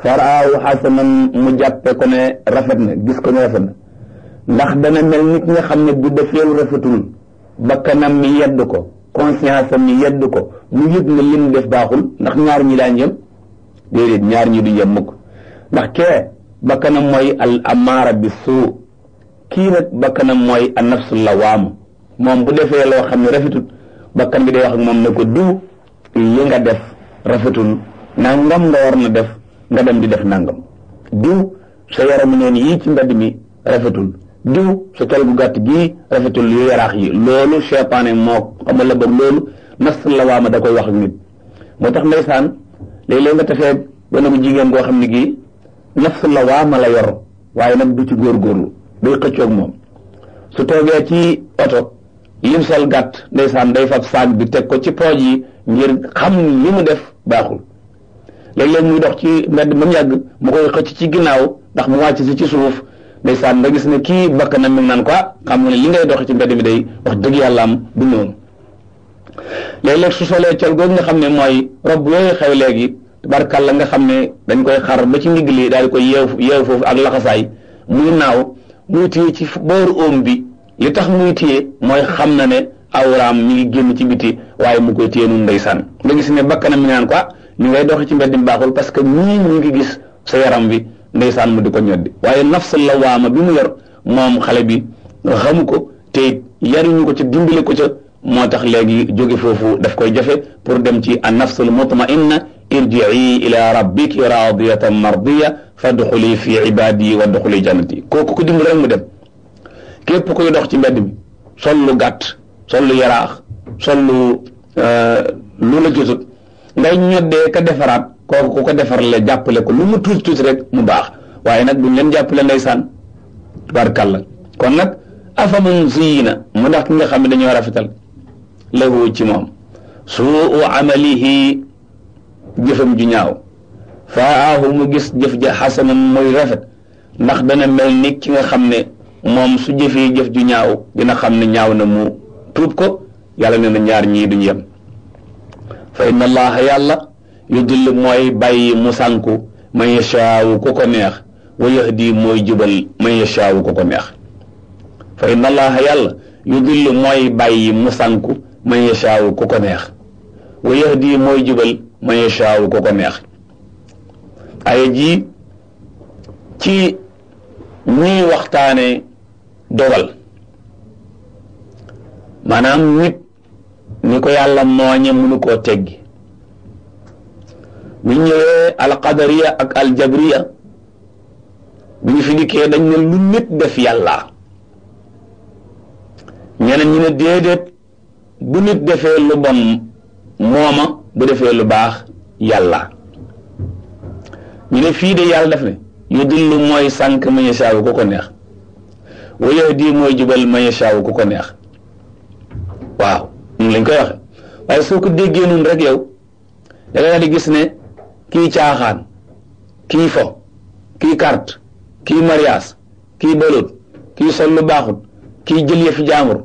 faraawu xasanan mu jàppe ko ne rafet na gis ko ne rafet na ndax dana mel nit nga xam ne bu defeelu rafetul bakkanam mi yedd ko conscience am mi yedd ko mu yëg ne mu def baaxul ndax ñaar ñii daa yem déedéet ñaar ñi du yem mukk ndax kee bakkanam mooy al amaara bi suu kii nag bakkanam mooy an la lawaamu moom bu defee loo xam ne rafetul bakkan bi day wax ak moom ne ko du li nga def rafetul nangam nga war na def nga dem di def nangam diw sa yaramu neen yii ci mbedd mi rafetul diw sa col gu gàtt gii rafetul yu yaraax yi loolu cheytaane moo xamal la boog loolu nas la waama da koy wax ak nit moo tax ndeysaan léeg leen nga tafee benn bu jigéen goo xam ne gii nafs la waama la yor waaye nag du ci góorgóorlu day xëccoog moom su toogee ci oto lim sol gàtt ndeysaan day fa saag bi teg ko ci pooj yi ngir xam li mu def baaxul léeg-léeg muy dox ci mbedd mu yàgg mu koy xëcc ci ginnaaw ndax mu wàcc si ci suuf ndeysaan nga gis ne kii bakk na mi naan quoi xam nga ne li ngay dox ci mbedd mi day wax dëgg yàlla am du noonu léeg-léeg su solee col googu nga xam ne mooy rob yooyu xew léegi barkalla nga xam ne dañ koy xar ba ci ndigg li daal di koy yeew yeew foofu ak laxasaay muy naaw muy téye ci booru oom bi li tax muy téye mooy xam na ne awraam mi ngi génn ci biti waaye mu koy téye noonu ndeysaan nga gis ne bakk na mi naan ni ngay doxee ci mbedd mi baaxul parce que ñii ñu ngi gis sa yaram bi ndeysaan mu di ko ñoddi waaye nafsa la waama bi mu yor moom xale bi xamu ko te yariñu ko ci dimbale ko ca moo tax léegi jóge foofu daf koy jafe pour dem ci an nafsul mutmainna irjii ila rabbiki raadiyatan mardiya fadxuli fi ibadi wa dxuli jannati kooku ko dimbal rek mu dem képp koy dox ci mbedd mi sol lu gàtt sol lu yaraax sol lu euh, la jotut nday ñoddee ka defaraat kooku ku ko defarle jàppale ko lu mu tuuti tuuti rek mu baax waaye nag duñ leen jàppale ndeysaan tubaarkàlla kon nag afaman zuyina mu ndax ki nga xam ne dañoo rafetal lahu ci moom suu amalihi jëfam ju ñaaw faahu mu gis jëf ja xasanan rafet ndax dana ki nga xam ne moom su jëfee jëf ju ñaaw dina xam ne ñaaw na mu tuub ko yàlla nee na ñaar ñii duñu yem fa inna allaha yàlla yudillu mooy bàyyi mu sànku man yashaawu ku ko neex wa yahdi mooy jubal man yashaawu ku ko neex fa inna allaha yàlla yudillu mooy bàyyi mu sànku man yashaawu ku ko neex wa yahdi mooy jubal man yashaawu ku ko neex ay ji ci ñuy waxtaane dogal maanaam nit ni ko yàlla mooñe mënu koo teggi bu ñëwee alqadariya ak aljabriya bi ñu fi dikkee dañ ne lu nit def yàlla ñeneen ñu ne déedéet bu nit defee lu bon mooma bu defee lu baax yàlla ñu ne fii de yàlla def ne yudillu mooy sànq ma yashaawu neex wa yahdi mooy jubal ma yashaawu ku ko neex waaw noonu lañ koy waxe waaye soo ko déggee noonu rek yow da di gis ne kii caaxaan kii fo kii carte kii mariage kii balut kii sol lu baaxut kii jël yëfi jaamur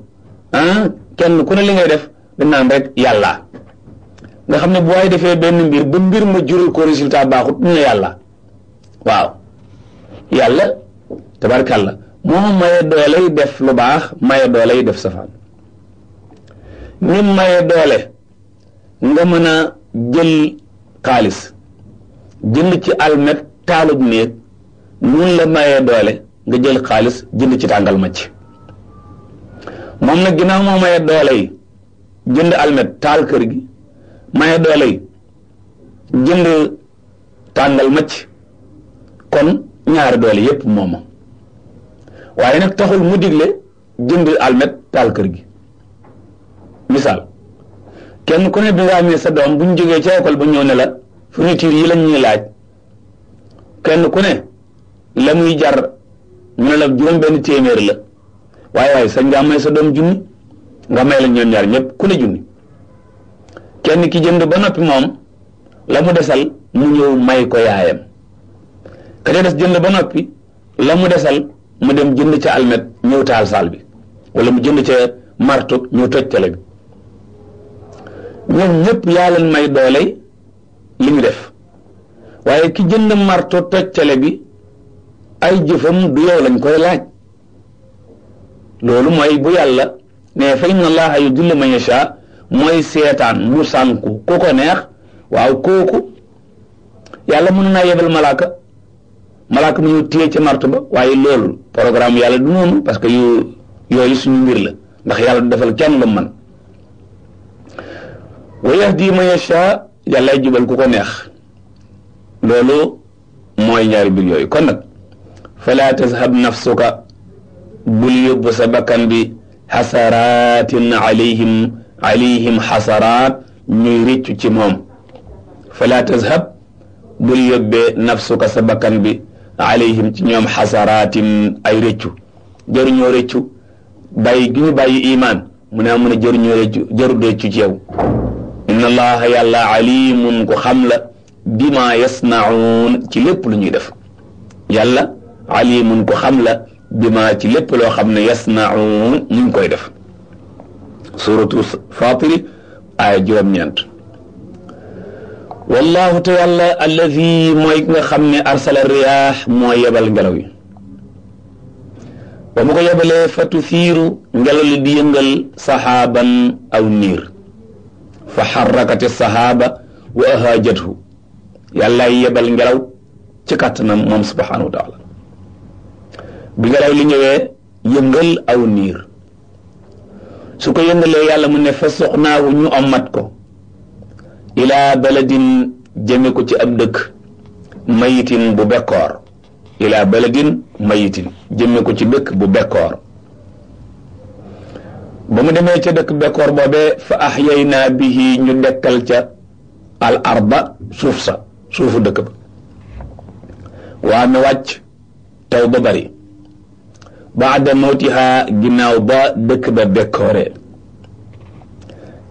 ah kenn ku ne li ngay def dañ naan rek yàlla nga xam ne bu waay defee benn mbir ba mbir ma jural ko résultat baaxut ñu ne yàlla waaw yàlla tabarkàlla moo maye doolay def lu baax maye doolay def safaan ni mu mayee doole nga mën a jël xaalis jënd ci almet taalub néeg nun la mayee doole nga jël xaalis jënd ci tàngal ci moom na ginnaaw moo mayee doole yi jënd almet taal kër gi mayee doole yi jënd tàngal macc kon ñaari doole yépp mooma waaye nag taxul mu digle jënd almet taal kër gi misaal kenn ku ne bi nga amee sa doom bu ñu jógee ca école ba ñëw ne la fourniture yi la ñuy laaj kenn ku ne la muy jar ñu ne la juróom benn téeméer la waaye waaye sañ nga sa doom junni nga may la ñoom ñaar ñëpp ku ne junni kenn ki jënd ba noppi moom la mu desal mu ñëw may ko yaayam ka ca des jënd ba noppi la mu desal mu dem jënd ca almet ñëw taal saal bi wala mu jënd ca marto ñëw toj tele bi ñoom ñëpp yaa leen may doole li ñu def waaye ki jënd marto toj tele bi ay jëfam du yow lañ koy laaj loolu mooy bu yàlla ne fa inna allaha yudillu ma yasha mooy seetaan mu sànku ku ko neex waaw kooku yàlla mën naa yebal malaaka malaaka mu ñëw téye ci marto ba waaye loolu programme yàlla du noonu parce que yooyu suñu mbir la ndax yàlla du defal kenn lu man wa yahdi man yasha yàllaay jubal ku ko neex loolu mooy ñaari mbir yooyu kon nag fala tazhab nafsuka bul yóbbu sa bi xasaraatin alayhim alayhim ñuy rëccu ci moom fala tazhab bul yóbbee nafsuka sa bakkan bi ci ñoom xasaraatin ay rëccu jëruñoo rëccu bàyyi gi ñu imaan mu ne mun a jëruñoo ci yow inna allaha yàlla alimun ko xam la bima yasnaun ci lépp lu ñuy def yàlla alimun ko xam bima ci lépp loo xam ne yasnaun ñu koy def suratu fatiri aaya juróom-ñeent wallahu te yàlla alladi mooy ki nga xam yebal ngelaw yi mu ko yebalee fa tusiiru ngelaw li di yëngal aw niir fa xarrakati sahaaba wa ahaajathu yàllaay yebal ngelaw ci kàttanam moom subhanahu wa taala bi ngelaw li ñëwee yëngal aw niir su ko yëngalee yàlla mu ne fa soxnaawu ñu ommat ko ilaa baladin jëme ko ci ab dëkk mayitin bu bekkoor ilaa baladin mayitin jëme ko ci dëkk bu bekkoor ba mu demee ca dëkk bekkoor boobee fa bi bihi ñu dekkal ca al arba suuf sa suufu dëkk ba waa mi wàcc taw ba bari baada mawtihaa ginnaaw ba dëkk ba bekkooree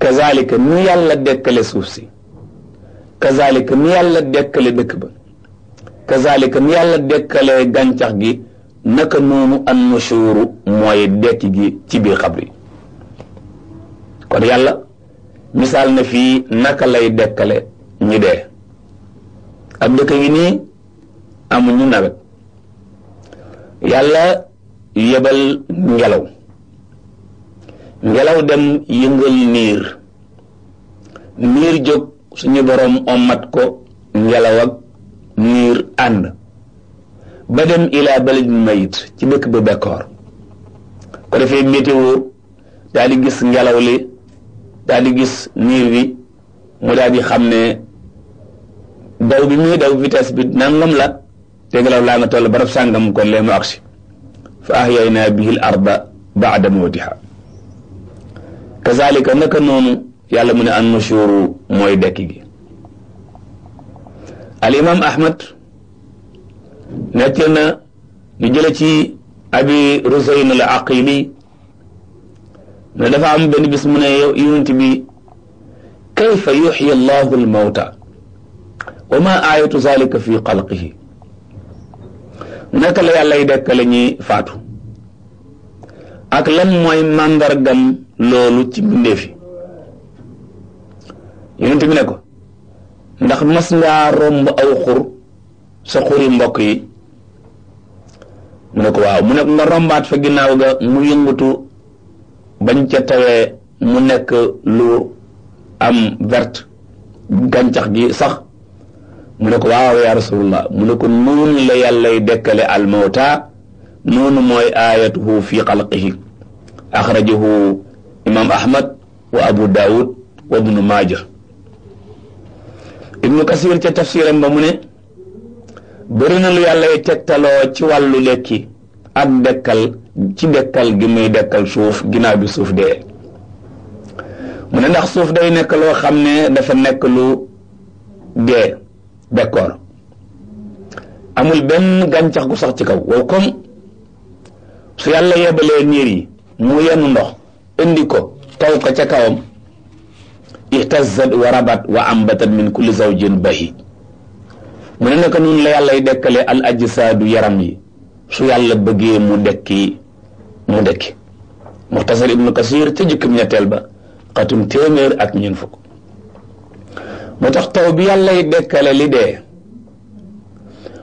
kazalika nu yàlla dekkale suuf si kazalika nu yàlla dekkale dëkk ba kazalika nu yàlla dekkale gàncax gi naka noonu an nushuuru mooy dekki gi ci biir xabri kon yàlla misaal na fii naka lay dekkale ñi dee ab dëkk ngi nii amuñu nawet yàlla yebal ngelaw ngelaw dem yëngal niir niir jóg suñu boroom ommat ko ngelaw ak niir ànd ba dem ilaa balad mayit ci dëkk bu bekkoor ko defee météo daal di gis ngelaw li daal di gis niir bi mu daal di xam ne daw bi muy daw vitesse bi nangam la te galaw laa nga toll barab sàngam kon lee mu agsi fa ahyaynaa bihi al-arda ba'da mawtihaa kazaalika naka noonu yàlla mu ne an mooy dekk gi al imaam Ahmad nekk na ñu jële ci abi Rusayn al-Aqili ne dafa am benn bis mu ne yow yonent bi kayfa yuxyi allahu almawta wa ma ayatu zalika fi xalqihi naka la yàlla y dekkale ñuy faatu ak lan mooy màndargam loolu ci mbindeef yi ne ko ndax mas ngaa romb aw xur sa xuri mbokk yi mu ne ko waaw mu ne ko nga rombaat fa ginnaaw ga mu yëngatu bañ ca tawee mu nekk lu am verte gàncax gi sax mu ne ko waaw rasulullah mu ne ko noonu la yàllay dekkale almawta noonu mooy aayatuhu fi xalqihi axrajahu imam ahmad wa abu daawud wa ibnu maaja ibnu kasir ca tafsiram ba mu ne bëri na lu yàllay tegtaloo ci wàllu lekki ak dekkal ci dekkal gi muy dekkal suuf ginaaw bi suuf dee mu ne ndax suuf day nekk loo xam ne dafa nekk lu dee bekkoor amul benn gàncax gu sax ci kaw wow comme su yàlla yebalee niir yi mu yenu ndox indi ko taw ko ca kawam ihtazat wa rabat wa ambatat min kulli zawjin bahi mu ne naka noonu la yàllay dekkalee al ajsaadu yaram yi su yàlla bëggee mu dekki mu dekki muxtasar ibnu kasir ca jëkkam ñetteel ba xatum téeméer ak ñun fukk moo tax taw bi yàllay dekkale li dee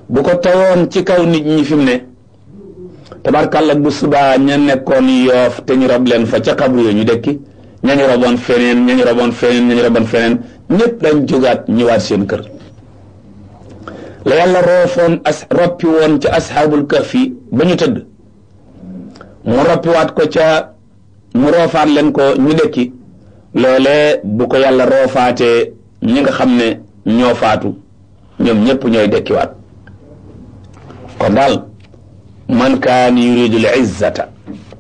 bu ko tawoon ci kaw nit ñi fi mu ne tabarkàlla bu subaa ña nekkoon yoof te ñu rob leen fa ca xabru yoo ñu dekki ñañu roboon feneen ñañu roboon feneen ñañu roboon feneen ñëpp dañ jógaat ñëwaat seen kër la yàlla roofoon as roppi woon ca asxaabul kahfi ba ñu tëdd mu roppiwaat ko ca mu roofaat leen ko ñu dekki loole bu ko yàlla roofaatee ñi nga xam ne ñoo faatu ñoom ñëpp ñooy dekkiwaat kon dal man kaan yuridul izzata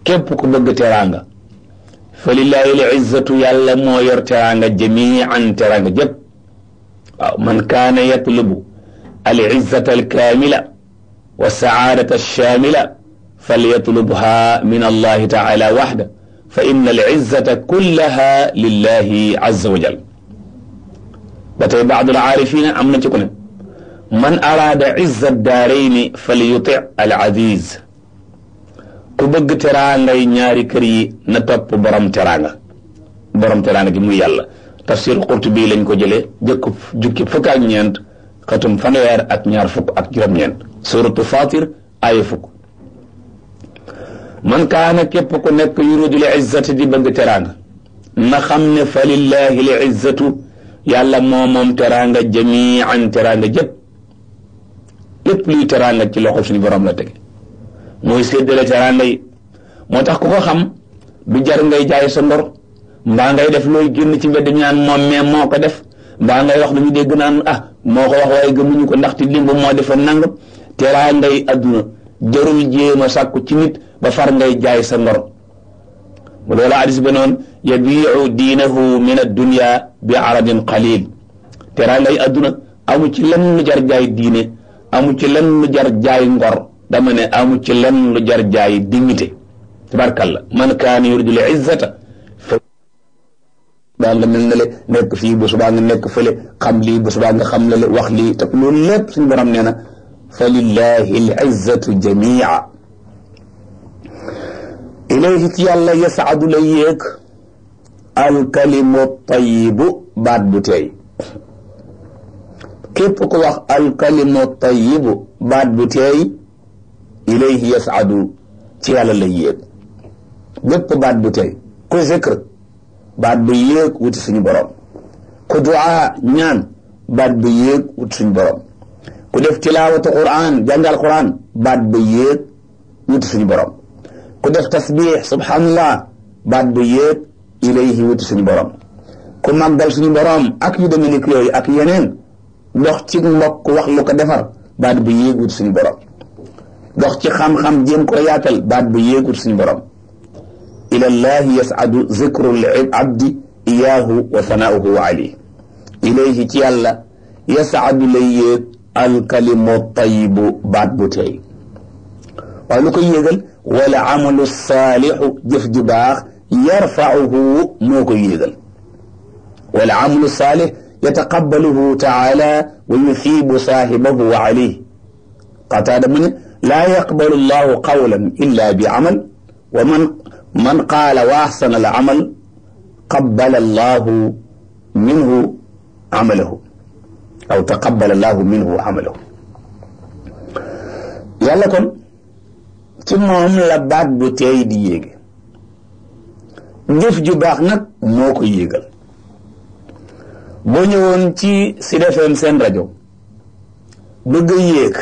képp ku bëgg teraanga fa lillahi l izzatu yàlla moo yor teraanga jamian teraanga jëpp waaw man kaana yatlubu al-izzata al-kaamila wa saadata ash-shaamila falyatlubha min allahi taala waxda fa inna al-izzata kullaha lillahi azza wa jal ba tey baadul aarifina am na ci ku ne man araada izza daarayni falyuti al-aziz ku bëgg teraangay ñaari kër yi na topp borom teraanga borom teraanga gi muy yàlla tafsir Qurtubi lañ ko jëlee jëkk jukki fukk ak ñeent xatum fanweer ak ñaar fukk ak juróom-ñeent suratu fatir aaya fukk man kaana képp ku nekk yurudu li izzati di bëgg teraanga na xam ne fa lillahi li izzatu yàlla moo moom teraanga jamian teraanga jëpp lépp luy teraanga ci loxo suñu borom la tege mooy séddale teraanga yi moo tax ku ko xam du jar ngay jaay sa ndor mbaa ngay def looy génn ci mbedd ñaan moom moo ko def mbaa ngay wax dañu dégg naan ah moo ko wax waaye gëmuñu ko ndaxte limba moo defoon nangam teraa ngay adduna jarul jéem a sàkku ci nit ba far ngay jaay sa ngor mu loola hadis ba noon yabiu diinahu min addunia bi aradin qalil teraa ngay amu ci lenn lu jar jaay diine ci lenn lu jar jaay ngor dama ne amu ci lenn lu jar jaay dignité tabarkalla man kaana yuridu l izzata daan la mel ne le nekk fii bu subaa nga nekk fële xam lii bu subaa nga xam la le wax lii te loolu lépp suñu borom nee na fa lillahi al-izzatu jamia ilayhi ci yàlla yasaadu la yéeg alkalimu tayibu baat bu teey képp ko wax alkalimu tayibu baat bu teey ilayhi yasaadu ci yàlla la yéeg bépp baat bu teey ku zikr baat ba yéeg wuti suñu borom ku duaa ñaan baat bu yéeg wuti suñu borom ku def tilaawatu quraan jàngal quraan baat ba yéeg wuti suñu borom ku def tasbiix subhanallah baat ba yéeg ilayhi wuti suñu borom ku màggal suñu borom ak yu demee ni ak yeneen dox ci mbokk wax lu ko defar baat ba yéeg wuti suñu borom dox ci xam-xam jéem ko yaatal baat bu yéeg wuti suñu borom ila llaahi yasadu zikru l abdi iyaahu wa sanaauhu alayhi ilayhi ci yàlla yasadu lay yéeg alkalimu tayibu baat bu tey waaye lu koy yéegal wala amalu saalixu jëf ju baax yarfauhu moo koy yéegal wala amalu saalix yataqabbaluhu taala wa yusiibu saahibahu alayhi qataada mu ne laa yaqbalu llahu qawlan illa bi amal wa man man qaala wa axsana al amal qabbala allahu minhu amalahu aw taqabbala allahu minhu amalahu yàlla kon ci moom la baat bu teey di yéege jëf ju baax nag moo ko yéegal boo ñëwoon ci Sud FM seen rajo bëgg a yéeg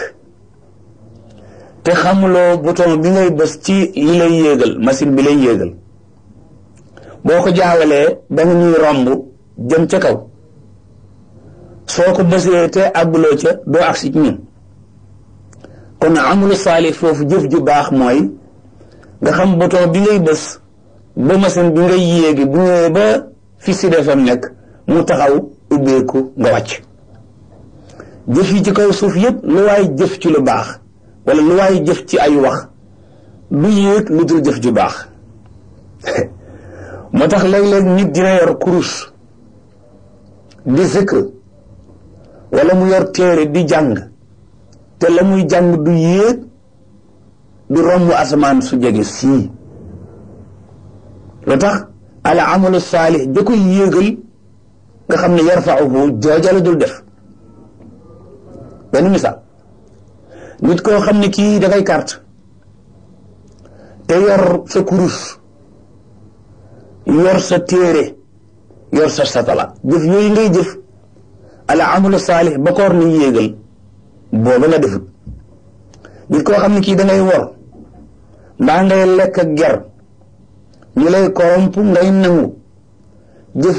te xamuloo bouton bi ngay bës ci li lay yéegal machine bi lay yéegal boo ko jaawalee da nga ñuy romb jëm ca kaw soo ko bësee te àgguloo ca doo agsi ci ñun kon amulu saalih foofu jëf ju baax mooy nga xam bouton bi ngay bës ba machine bi ngay yéegi bu ñëwee ba fi si defam nekk mu taxaw ubbeeku nga wàcc jëf yi ci kaw suuf yépp lu waay jëf ci lu baax wala lu waay jëf ci ay wax du yéeg lu dul jëf ju baax <laughs> moo tax léeg-léeg nit dina yor kurus di zikr wala mu yor téere di jàng te la muy jàng du yéeg du romb asamaan su jege sii lu tax al amalu saalix da koy yéegal nga xam ne yarfauhu jooja la dul def benn misaal nit koo xam ne kii dangay carte te yor sa kurus yor sa téere yor sa satala jëf yooyu ngay jëf ala amalu saalih ba koor ni yéegal booba nga defut nit koo xam ne kii dangay wor mbaa ngay lekk ak ger ñu lay koromp ngay nangu jëf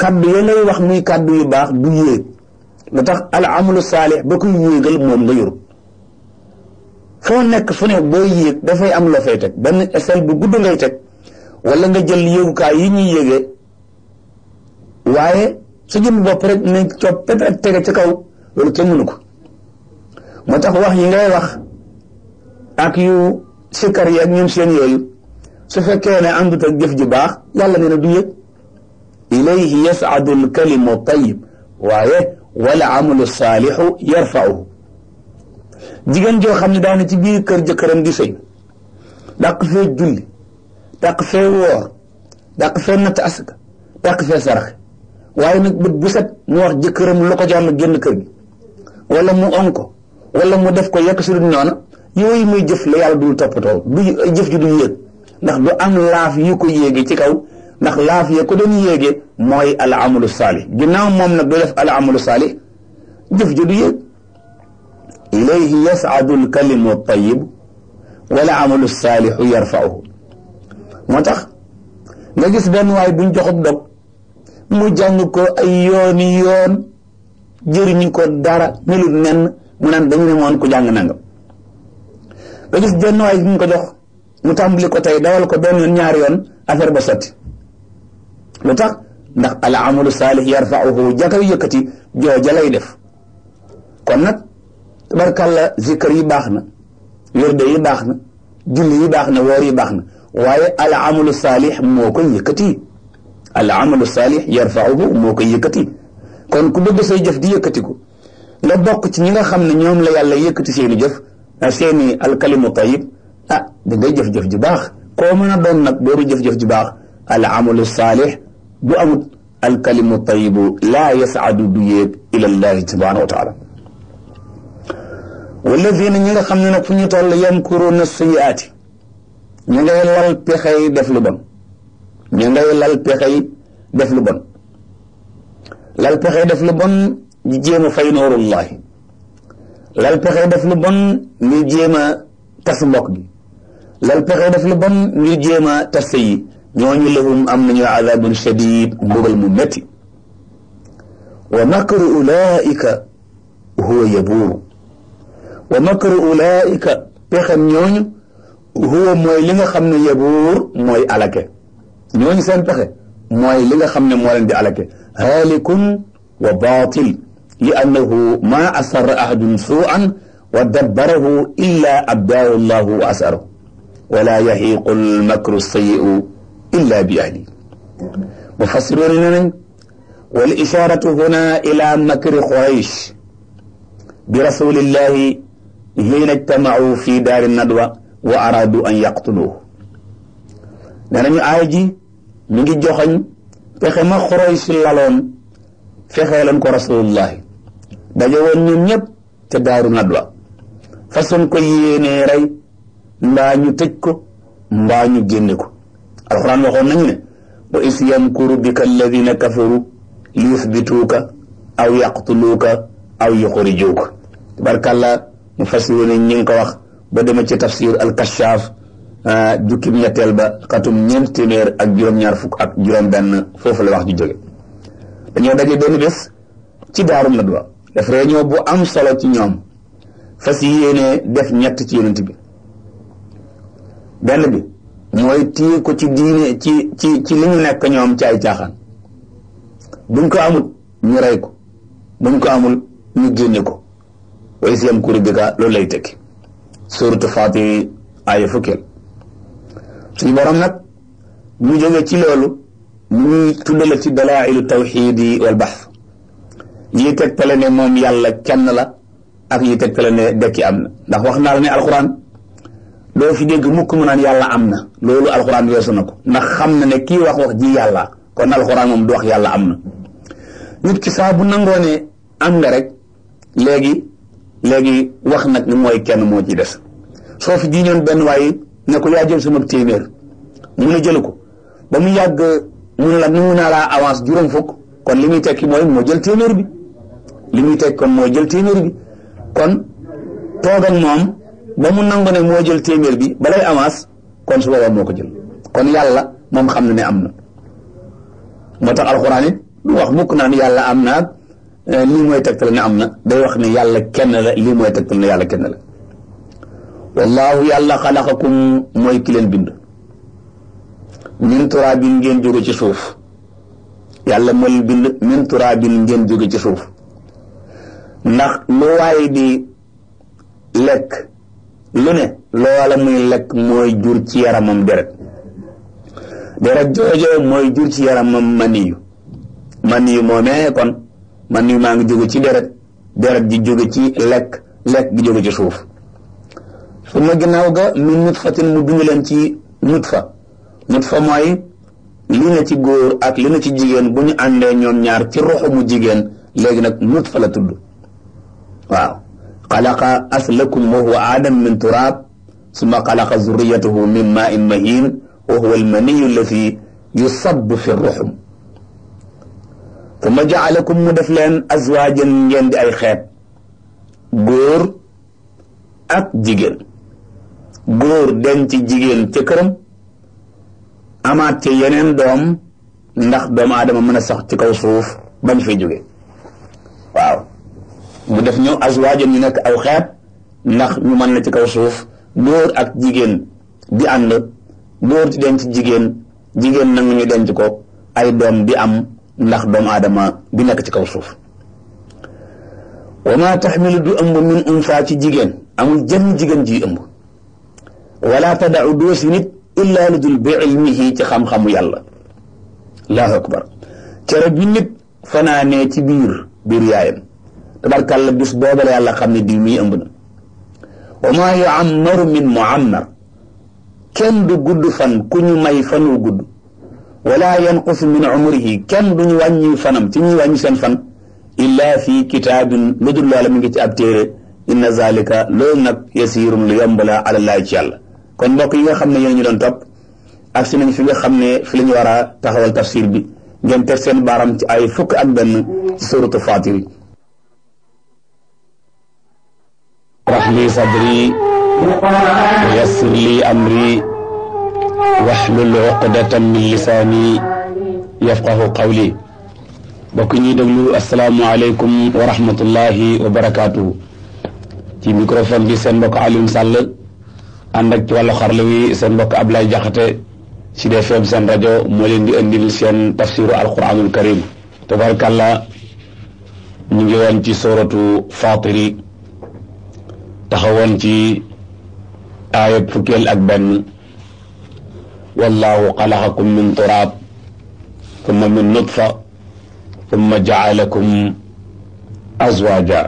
kaddu ya lay wax muy kaddu yu baax du yéeg lu tax al amalu saalih ba koy yéegal moom nga yor foo nekk fu ne boo yéeg dafay am loo fay teg benn échelle bu gudd ngay teg nga jël yéegukaay yi ñuy yéegee waaye su jëm bopp rek ne copp pep tege ci kaw loolu kenn moo tax wax yi ngay wax ak yu sikkar yi ak ñoom seen yooyu su fekkee ne àndut ak jëf ju baax yàlla nee na du yëg ilayhi yas'adu al-kalimu tayyib waaye wal amalu saalihu yarfa'uhu jigéen joo xam ne daan ci biir kër jëkkëram di sëy dàq fee julli dàq fee woor dàq fee natt asaka dàq fee sarax waaye nag bët bu set mu wax jëkkëram lu ko jàmm génn kër gi walla mu on ko mu def ko yekk si duñ noona yooyu muy jëf la yàlla dul toppatoo du jëf ji duñ yéeg ndax du am laaf yu ko yéegee ci kaw ndax laaf ya ko doon yéegee mooy al amalu saalih ginnaaw moom nag du def al jëf ji du yéeg ilayhi yas'adu alkalimu altayib wala amalu saalihu yarfa'uhu moo tax nga gis benn waay buñ joxub dog mu jàng ko ay yooni yoon jëriñu ko dara melut nenn mu naan dañu ne moon ku jàng nangam nga gis benn waay buñ ko jox mu tàmbali ko tey dawal ko benn yoon ñaari yoon affaire ba sotti lu tax ndax al amalu saalih yarfa'uhu jakaw yëkkati jooja lay def kon nag tabarkàlla zikar yi baax na wérde yi baax na julli yi baax na woor yi baax na waaye al amalu saalix moo koy yëkkati al amalu saalix yarfauhu moo koy yëkkati kon ku bëgg say jëf di yëkkati ko la bokk ci ñi nga xam ne ñoom la yàlla yëkkati seeni jëf ah, seeni alkalimu tayib ah da ngay jëf-jëf ji baax koo mën a doon nag boobu jëf-jëf ji baax al amalu saalix bu amut alkalimu tayibu laa yasaadu du yéeg ila llahi subhanahu wa taala wala diina ñi nga xam ne nag fu ñu toll yamkuruuna sayyi'aati ñu ngay lal pexey def lu bon ñu ngay lal pexey def lu bon lal pexey def lu bon ñu jéem a fay noorullahi lal pexey def lu bon ñu jéem a tas mbokk bi lal pexey def lu bon ñu jéem a tas sëy ñooñu lahum am nañu adaabun shadiid mbugal mu métti wa makru ulaika huwa yabuur wa makaru ulaika pexem ñooñu huwa mooy li nga xam ne yabuur mooy alake ñooñu seen pexe mooy li nga xam ne moo leen di alake haalikun wa baatil li annahu maa asarra ahadun suu'an wa dabbarahu illa abdaahu llahu wa asaro wala yaxiiqu almakru sayi'u illa bi ahli mufassiroon yi ne nañ wal ishaaratu huna ila makri quraysh bi rasulillahi xiina ijtamaau fi daari nadwa wa araadu an yaqtuluhu nee nañu aay ji mi ngi joxoñ fexe ma xoroy si laloon fexee leen ko rasulullahi daje woon ñoom ñëpp ca daaru nadwa façon ko yéenee rey mbaa ñu tëj ko mbaa ñu génne ko alxuraan waxoon nañu ne wa is yamkuru bika alladina kafaru li yusbituuka aw yaqtuluuka aw yuxrijuuka tabarkàlla fas mufassiruna ñi ngi ko wax ba demee ci tafsir al kashaaf euh, jukki ñetteel ba xatum ñeent téeméer ak juróom-ñaar fukk ak juróom-benn foofu la wax ju jóge dañoo daje benn bés ci daarum nadwa def réunion bu am solo ci ñoom fas yéene def ñett ci yonent bi benn bi mooy téye ko ci diine ci ci ci li ñu nekk ñoom ci ay caaxaan buñ ko amul ñu rey ko buñ ko amul ñu génne ko wa islam kuri bi ka loolu lay tekki suuratu Faatiri aaya fukkeel suñu borom nag mu jóge ci loolu mu ñuy tuddale ci dalaa'ilu tawxiidi wal baxth yi tegtale ne moom yàlla kenn la ak yi tegtale ne dekki am na ndax wax naa la ne alxuraan doo fi dégg mukk mu naan yàlla am na loolu alxuraan weesu na ko ndax xam na ne kii wax wax ji yàlla kon alxuraan moom du wax yàlla am na nit ki saa bu am nga rek léegi léegi wax nag ni mooy kenn moo ci des soo fi jiiñoon benn waaye ne ko yaa jël sama téeméer mu ne jëlu ko ba mu yàgg mu ne la nu naa laa avance juróom fukk kon li muy tekki mooy moo jël téeméer bi li muy tekki kon moo jël téeméer bi kon toog ak moom ba mu nangu ne moo jël téeméer bi balay avance kon su boobaa moo ko jël kon yàlla moom xam na ne am na moo tax alxuraan it wax mukk naan yàlla am naag Eh, lii mooy tegtal am na day wax ne yàlla kenn la lii mooy tegtal ne yàlla kenn la wallaahu yàlla xalaqakum mooy ki bind min turaabin ngeen jóge ci suuf yàlla moo leen bind min turaabin ngeen jóge ci suuf ndax lu waaye di lekk lu ne loola muy lekk mooy jur ci yaramam deret deret jooje mooy jur ci yaramam maniyu maniyu moomee kon man nii maa ngi jóge ci deret deret ji jóge ci lekk lekk gi jóge ci suuf su ma ginnaaw ga min nutfatin mu dund leen ci nutfa nutfa mooy li na ci góor ak li na ci jigéen bu ñu àndee ñoom ñaar ci roxu mu jigéen léegi nag nutfa la tudd waaw xalaqa aslakum wa huwa adam min turaab summa xalaqa zurriyatahu min maa in mahin wa huwa almaniyu allati yusabbu fi ruxum summa jaalakum mu def leen azwaajan ngeen di ay xeet góor ak jigéen góor denc jigéen ca këram amaat ca yeneen doom ndax doomu aadama mën a sax ci kaw suuf bañ fay jóge waaw mu def ñëw azwaajan ñu nekk aw xeet ndax ñu mën na ci kaw suuf góor ak jigéen di ànd góor di denc jigéen jigéen nangu ñu denc ko ay doom di am ndax doomu aadama bi nekk ci kaw suuf wa maa taxmilu du ëmb min unsa ci jigéen amul jënn jigéen ji ëmb wala tadau doosi nit illaa lu dul bi ilmihi ci xam-xamu yàlla allahu akbar cere bi nit fanaanee ci biir biir yaayam tabarkàlla bis booba la yàlla xam ne diw mii ëmb na wa maa yuammaru min muammar kenn du gudd fan ku ñu may fanu gudd wala yanqusu min umrihi kenn duñu wàññi fanam ci ñuy sen seen fan illa fi kitaabin lu dul loola mi ngi ci ab téere inna zalika loolu nag lu yomb la ci yàlla kon mbokk yi nga xam ne yéen ñu doon topp ak si nañ fi nga xam ne fi war a taxawal tafsir bi ngeen teg seen baaram ci ay fukk ak benn ci suratu fatir sadri yassir li amri waxlul uqdatan min lisaani yafqahu qawli bokk ñuy déglu asalaamualeykum wa rahmatullahi wa barakaatu. ci microphone bi seen mbokk Alioune Sall ànd ak ci wàllu xarala wi seen mbokk ci Sud FM seen rajo moo leen di indil seen tafsiru alquranul karim tabarkàlla ñu ngi woon ci sooratu Faatiri taxawoon ci aaya fukkeel ak benn. wallahu xalaqakum min turaab tumma min nutfa tumma jaalakum azwaja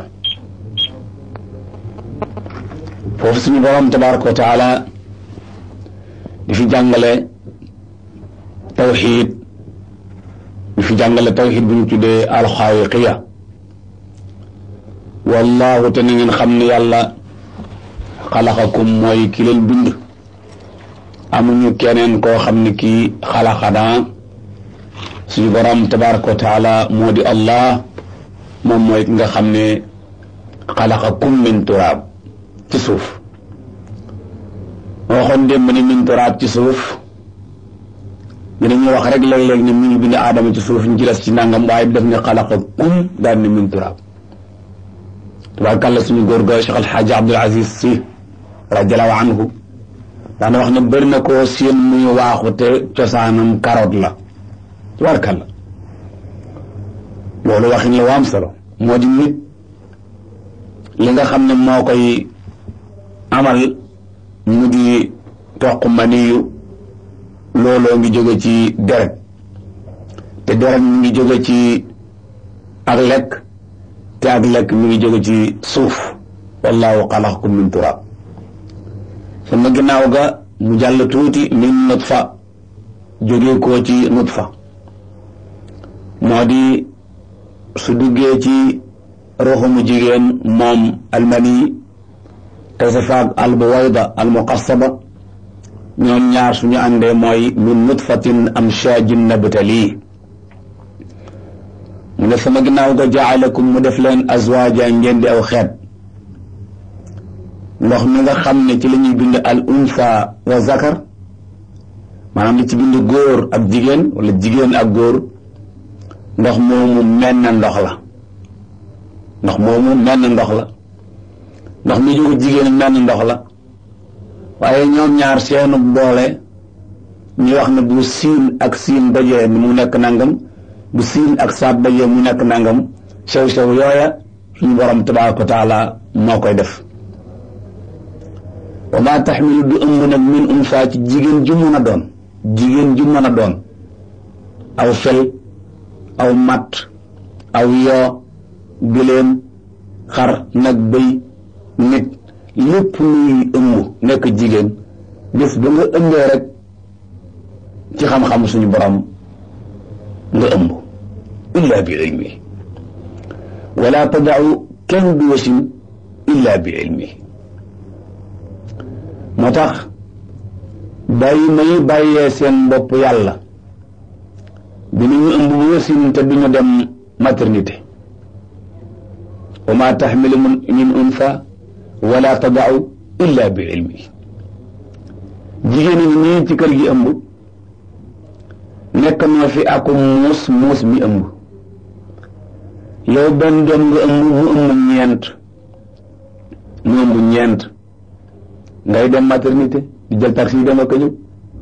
foofu suñu borom tabaraka wa taala di fi jàngale tawxid di fi jàngale tawxid bu ñu tuddee alxaawiqiya wallahu te na ngeen xam ne yàlla xalaqakum mooy ki leen bind amuñu keneen ko xam ne kii xalaxana suñu borom tabaraka wa taala moo di allah moom mooy ki nga xam ne xalaxakum min turaab ci suuf waxoon démb ni min turaab ci suuf ñu dañuy wax rek léeg-léeg ci suuf ñu ci des ci nangam waaye def ne xalaxakum daal min turaab tabaarkàlla suñu góor ga Cheikh Alxaaji Abdul Aziz Si radiallahu anhu daana wax ne bari na koo siin muy waaxu te cosaanam karoot la warkal la loolu waxin la waam solo moo di nit li nga xam ne moo koy amal mu di toq maniyu looloo ngi jóge ci deret te deret mi ngi jóge ci ak lekk te ak lekk mi ngi jóge ci suuf wallahu xalaqakum min turab suma ginnaaw ga mu jàll tuuti min nutfa jóge ko ci nutfa moo di su duggee ci ruuxu mu jigéen moom almani te sifaag albuwayda almuqassaba ñoom ñaar suñu àndee mooy min nutfatin amshaajin nabtali mu ne sama ginnaaw ga jaalakum mu def leen azwaaja ngeen di aw xeet ndox mi nga xam ne ci lañuy bind al unsa wa zakar maanaam li ci bind góor ak jigéen walla jigéen ak góor ndox moomu menn ndox la ndox moomu menn ndox la ndox mi jóge jigéen menn ndox la waaye ñoom ñaar seenu boole ñu wax ne bu siin ak siin dajee mu nekk nangam bu siin ak saat dajee mu nekk nangam sew sew yooya suñu borom tabaaraka taala moo koy def wa maa taxmilu du nag min unsaa ci jigéen ju mën doon jigéen ju mën a doon aw fel aw mat aw yoo gëléem xar nag bëy nit lépp luy ëmb nekk jigéen def ba nga ëmbee rek ci xam-xam suñu borom nga ëmb illaa bi ilmi wala tadaau kenn du wasin illaa bi ilmi moo tax bàyyi may bàyyee seen bopp yàlla dinañu ëmb bu wësin te duñu dem maternité wa ma taxmilu min unsa wala tadau illa bi ilmi jigéen ñi nii ci kër gi ëmb nekk noo fi aku muus muus mi ëmb yow benn doom nga ëmb mu ëmb ñeent mu ëmb ñeent ngay dem maternité di jël taxi yi dem ak a ñëw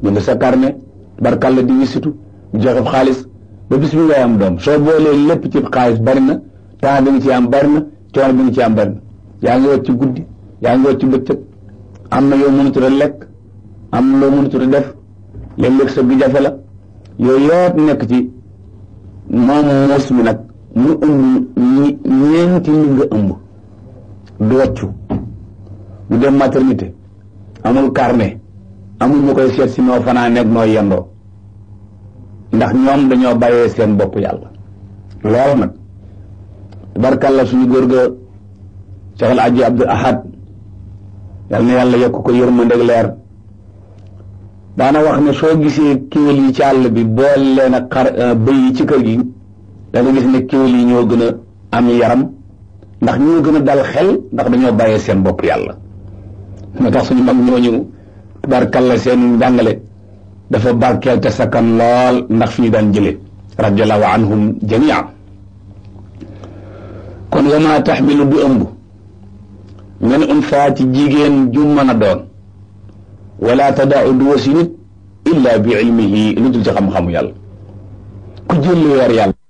jënd sa carnet barkalla di wisitu di joxe xaalis ba bis bi ngay am doom soo boolee lépp ci xaalis bari na temps bi nga ci am bari na coono bi nga ci am bari yaa ngi wacc ci guddi yaa ngi wacc ci bëccëg am na yow mënut a lekk am na loo mënut a def léeg-léeg sa gi la yooyu yëpp nekk ci moom muus mi nag mu ëmb ñi ñeenti li nga ëmb du wàccu du dem maternité amul carnet amul ñu koy seet si noo fanaane ak noo yendoo ndax ñoom dañoo bàyyee seen bopp yàlla lool nag barkalla suñu góor ga soxla aji abdul ahad yal na yàlla yokk ko yërmandeeg leer daana wax ne soo gisee kéwél yi ci àll bi bool leen a xar euh, bëy yi ci kër gi da nga gis ne kéwél yi ñoo gën a am yaram ndax ñoo gën a dal xel ndax dañoo bàyyee seen bopp yàlla moo tax suñu mag ñooñu tubaarkalla seen jàngale dafa barkeel te sakkan lool ndax fi ñu daan jële radiallahu anhum jamia kon wama taxmilu du ëmb men unfaa ci jigéen ju mën a doon wala tadaau du wasi nit bi lu dul ci xamu yàlla ku jël lu weer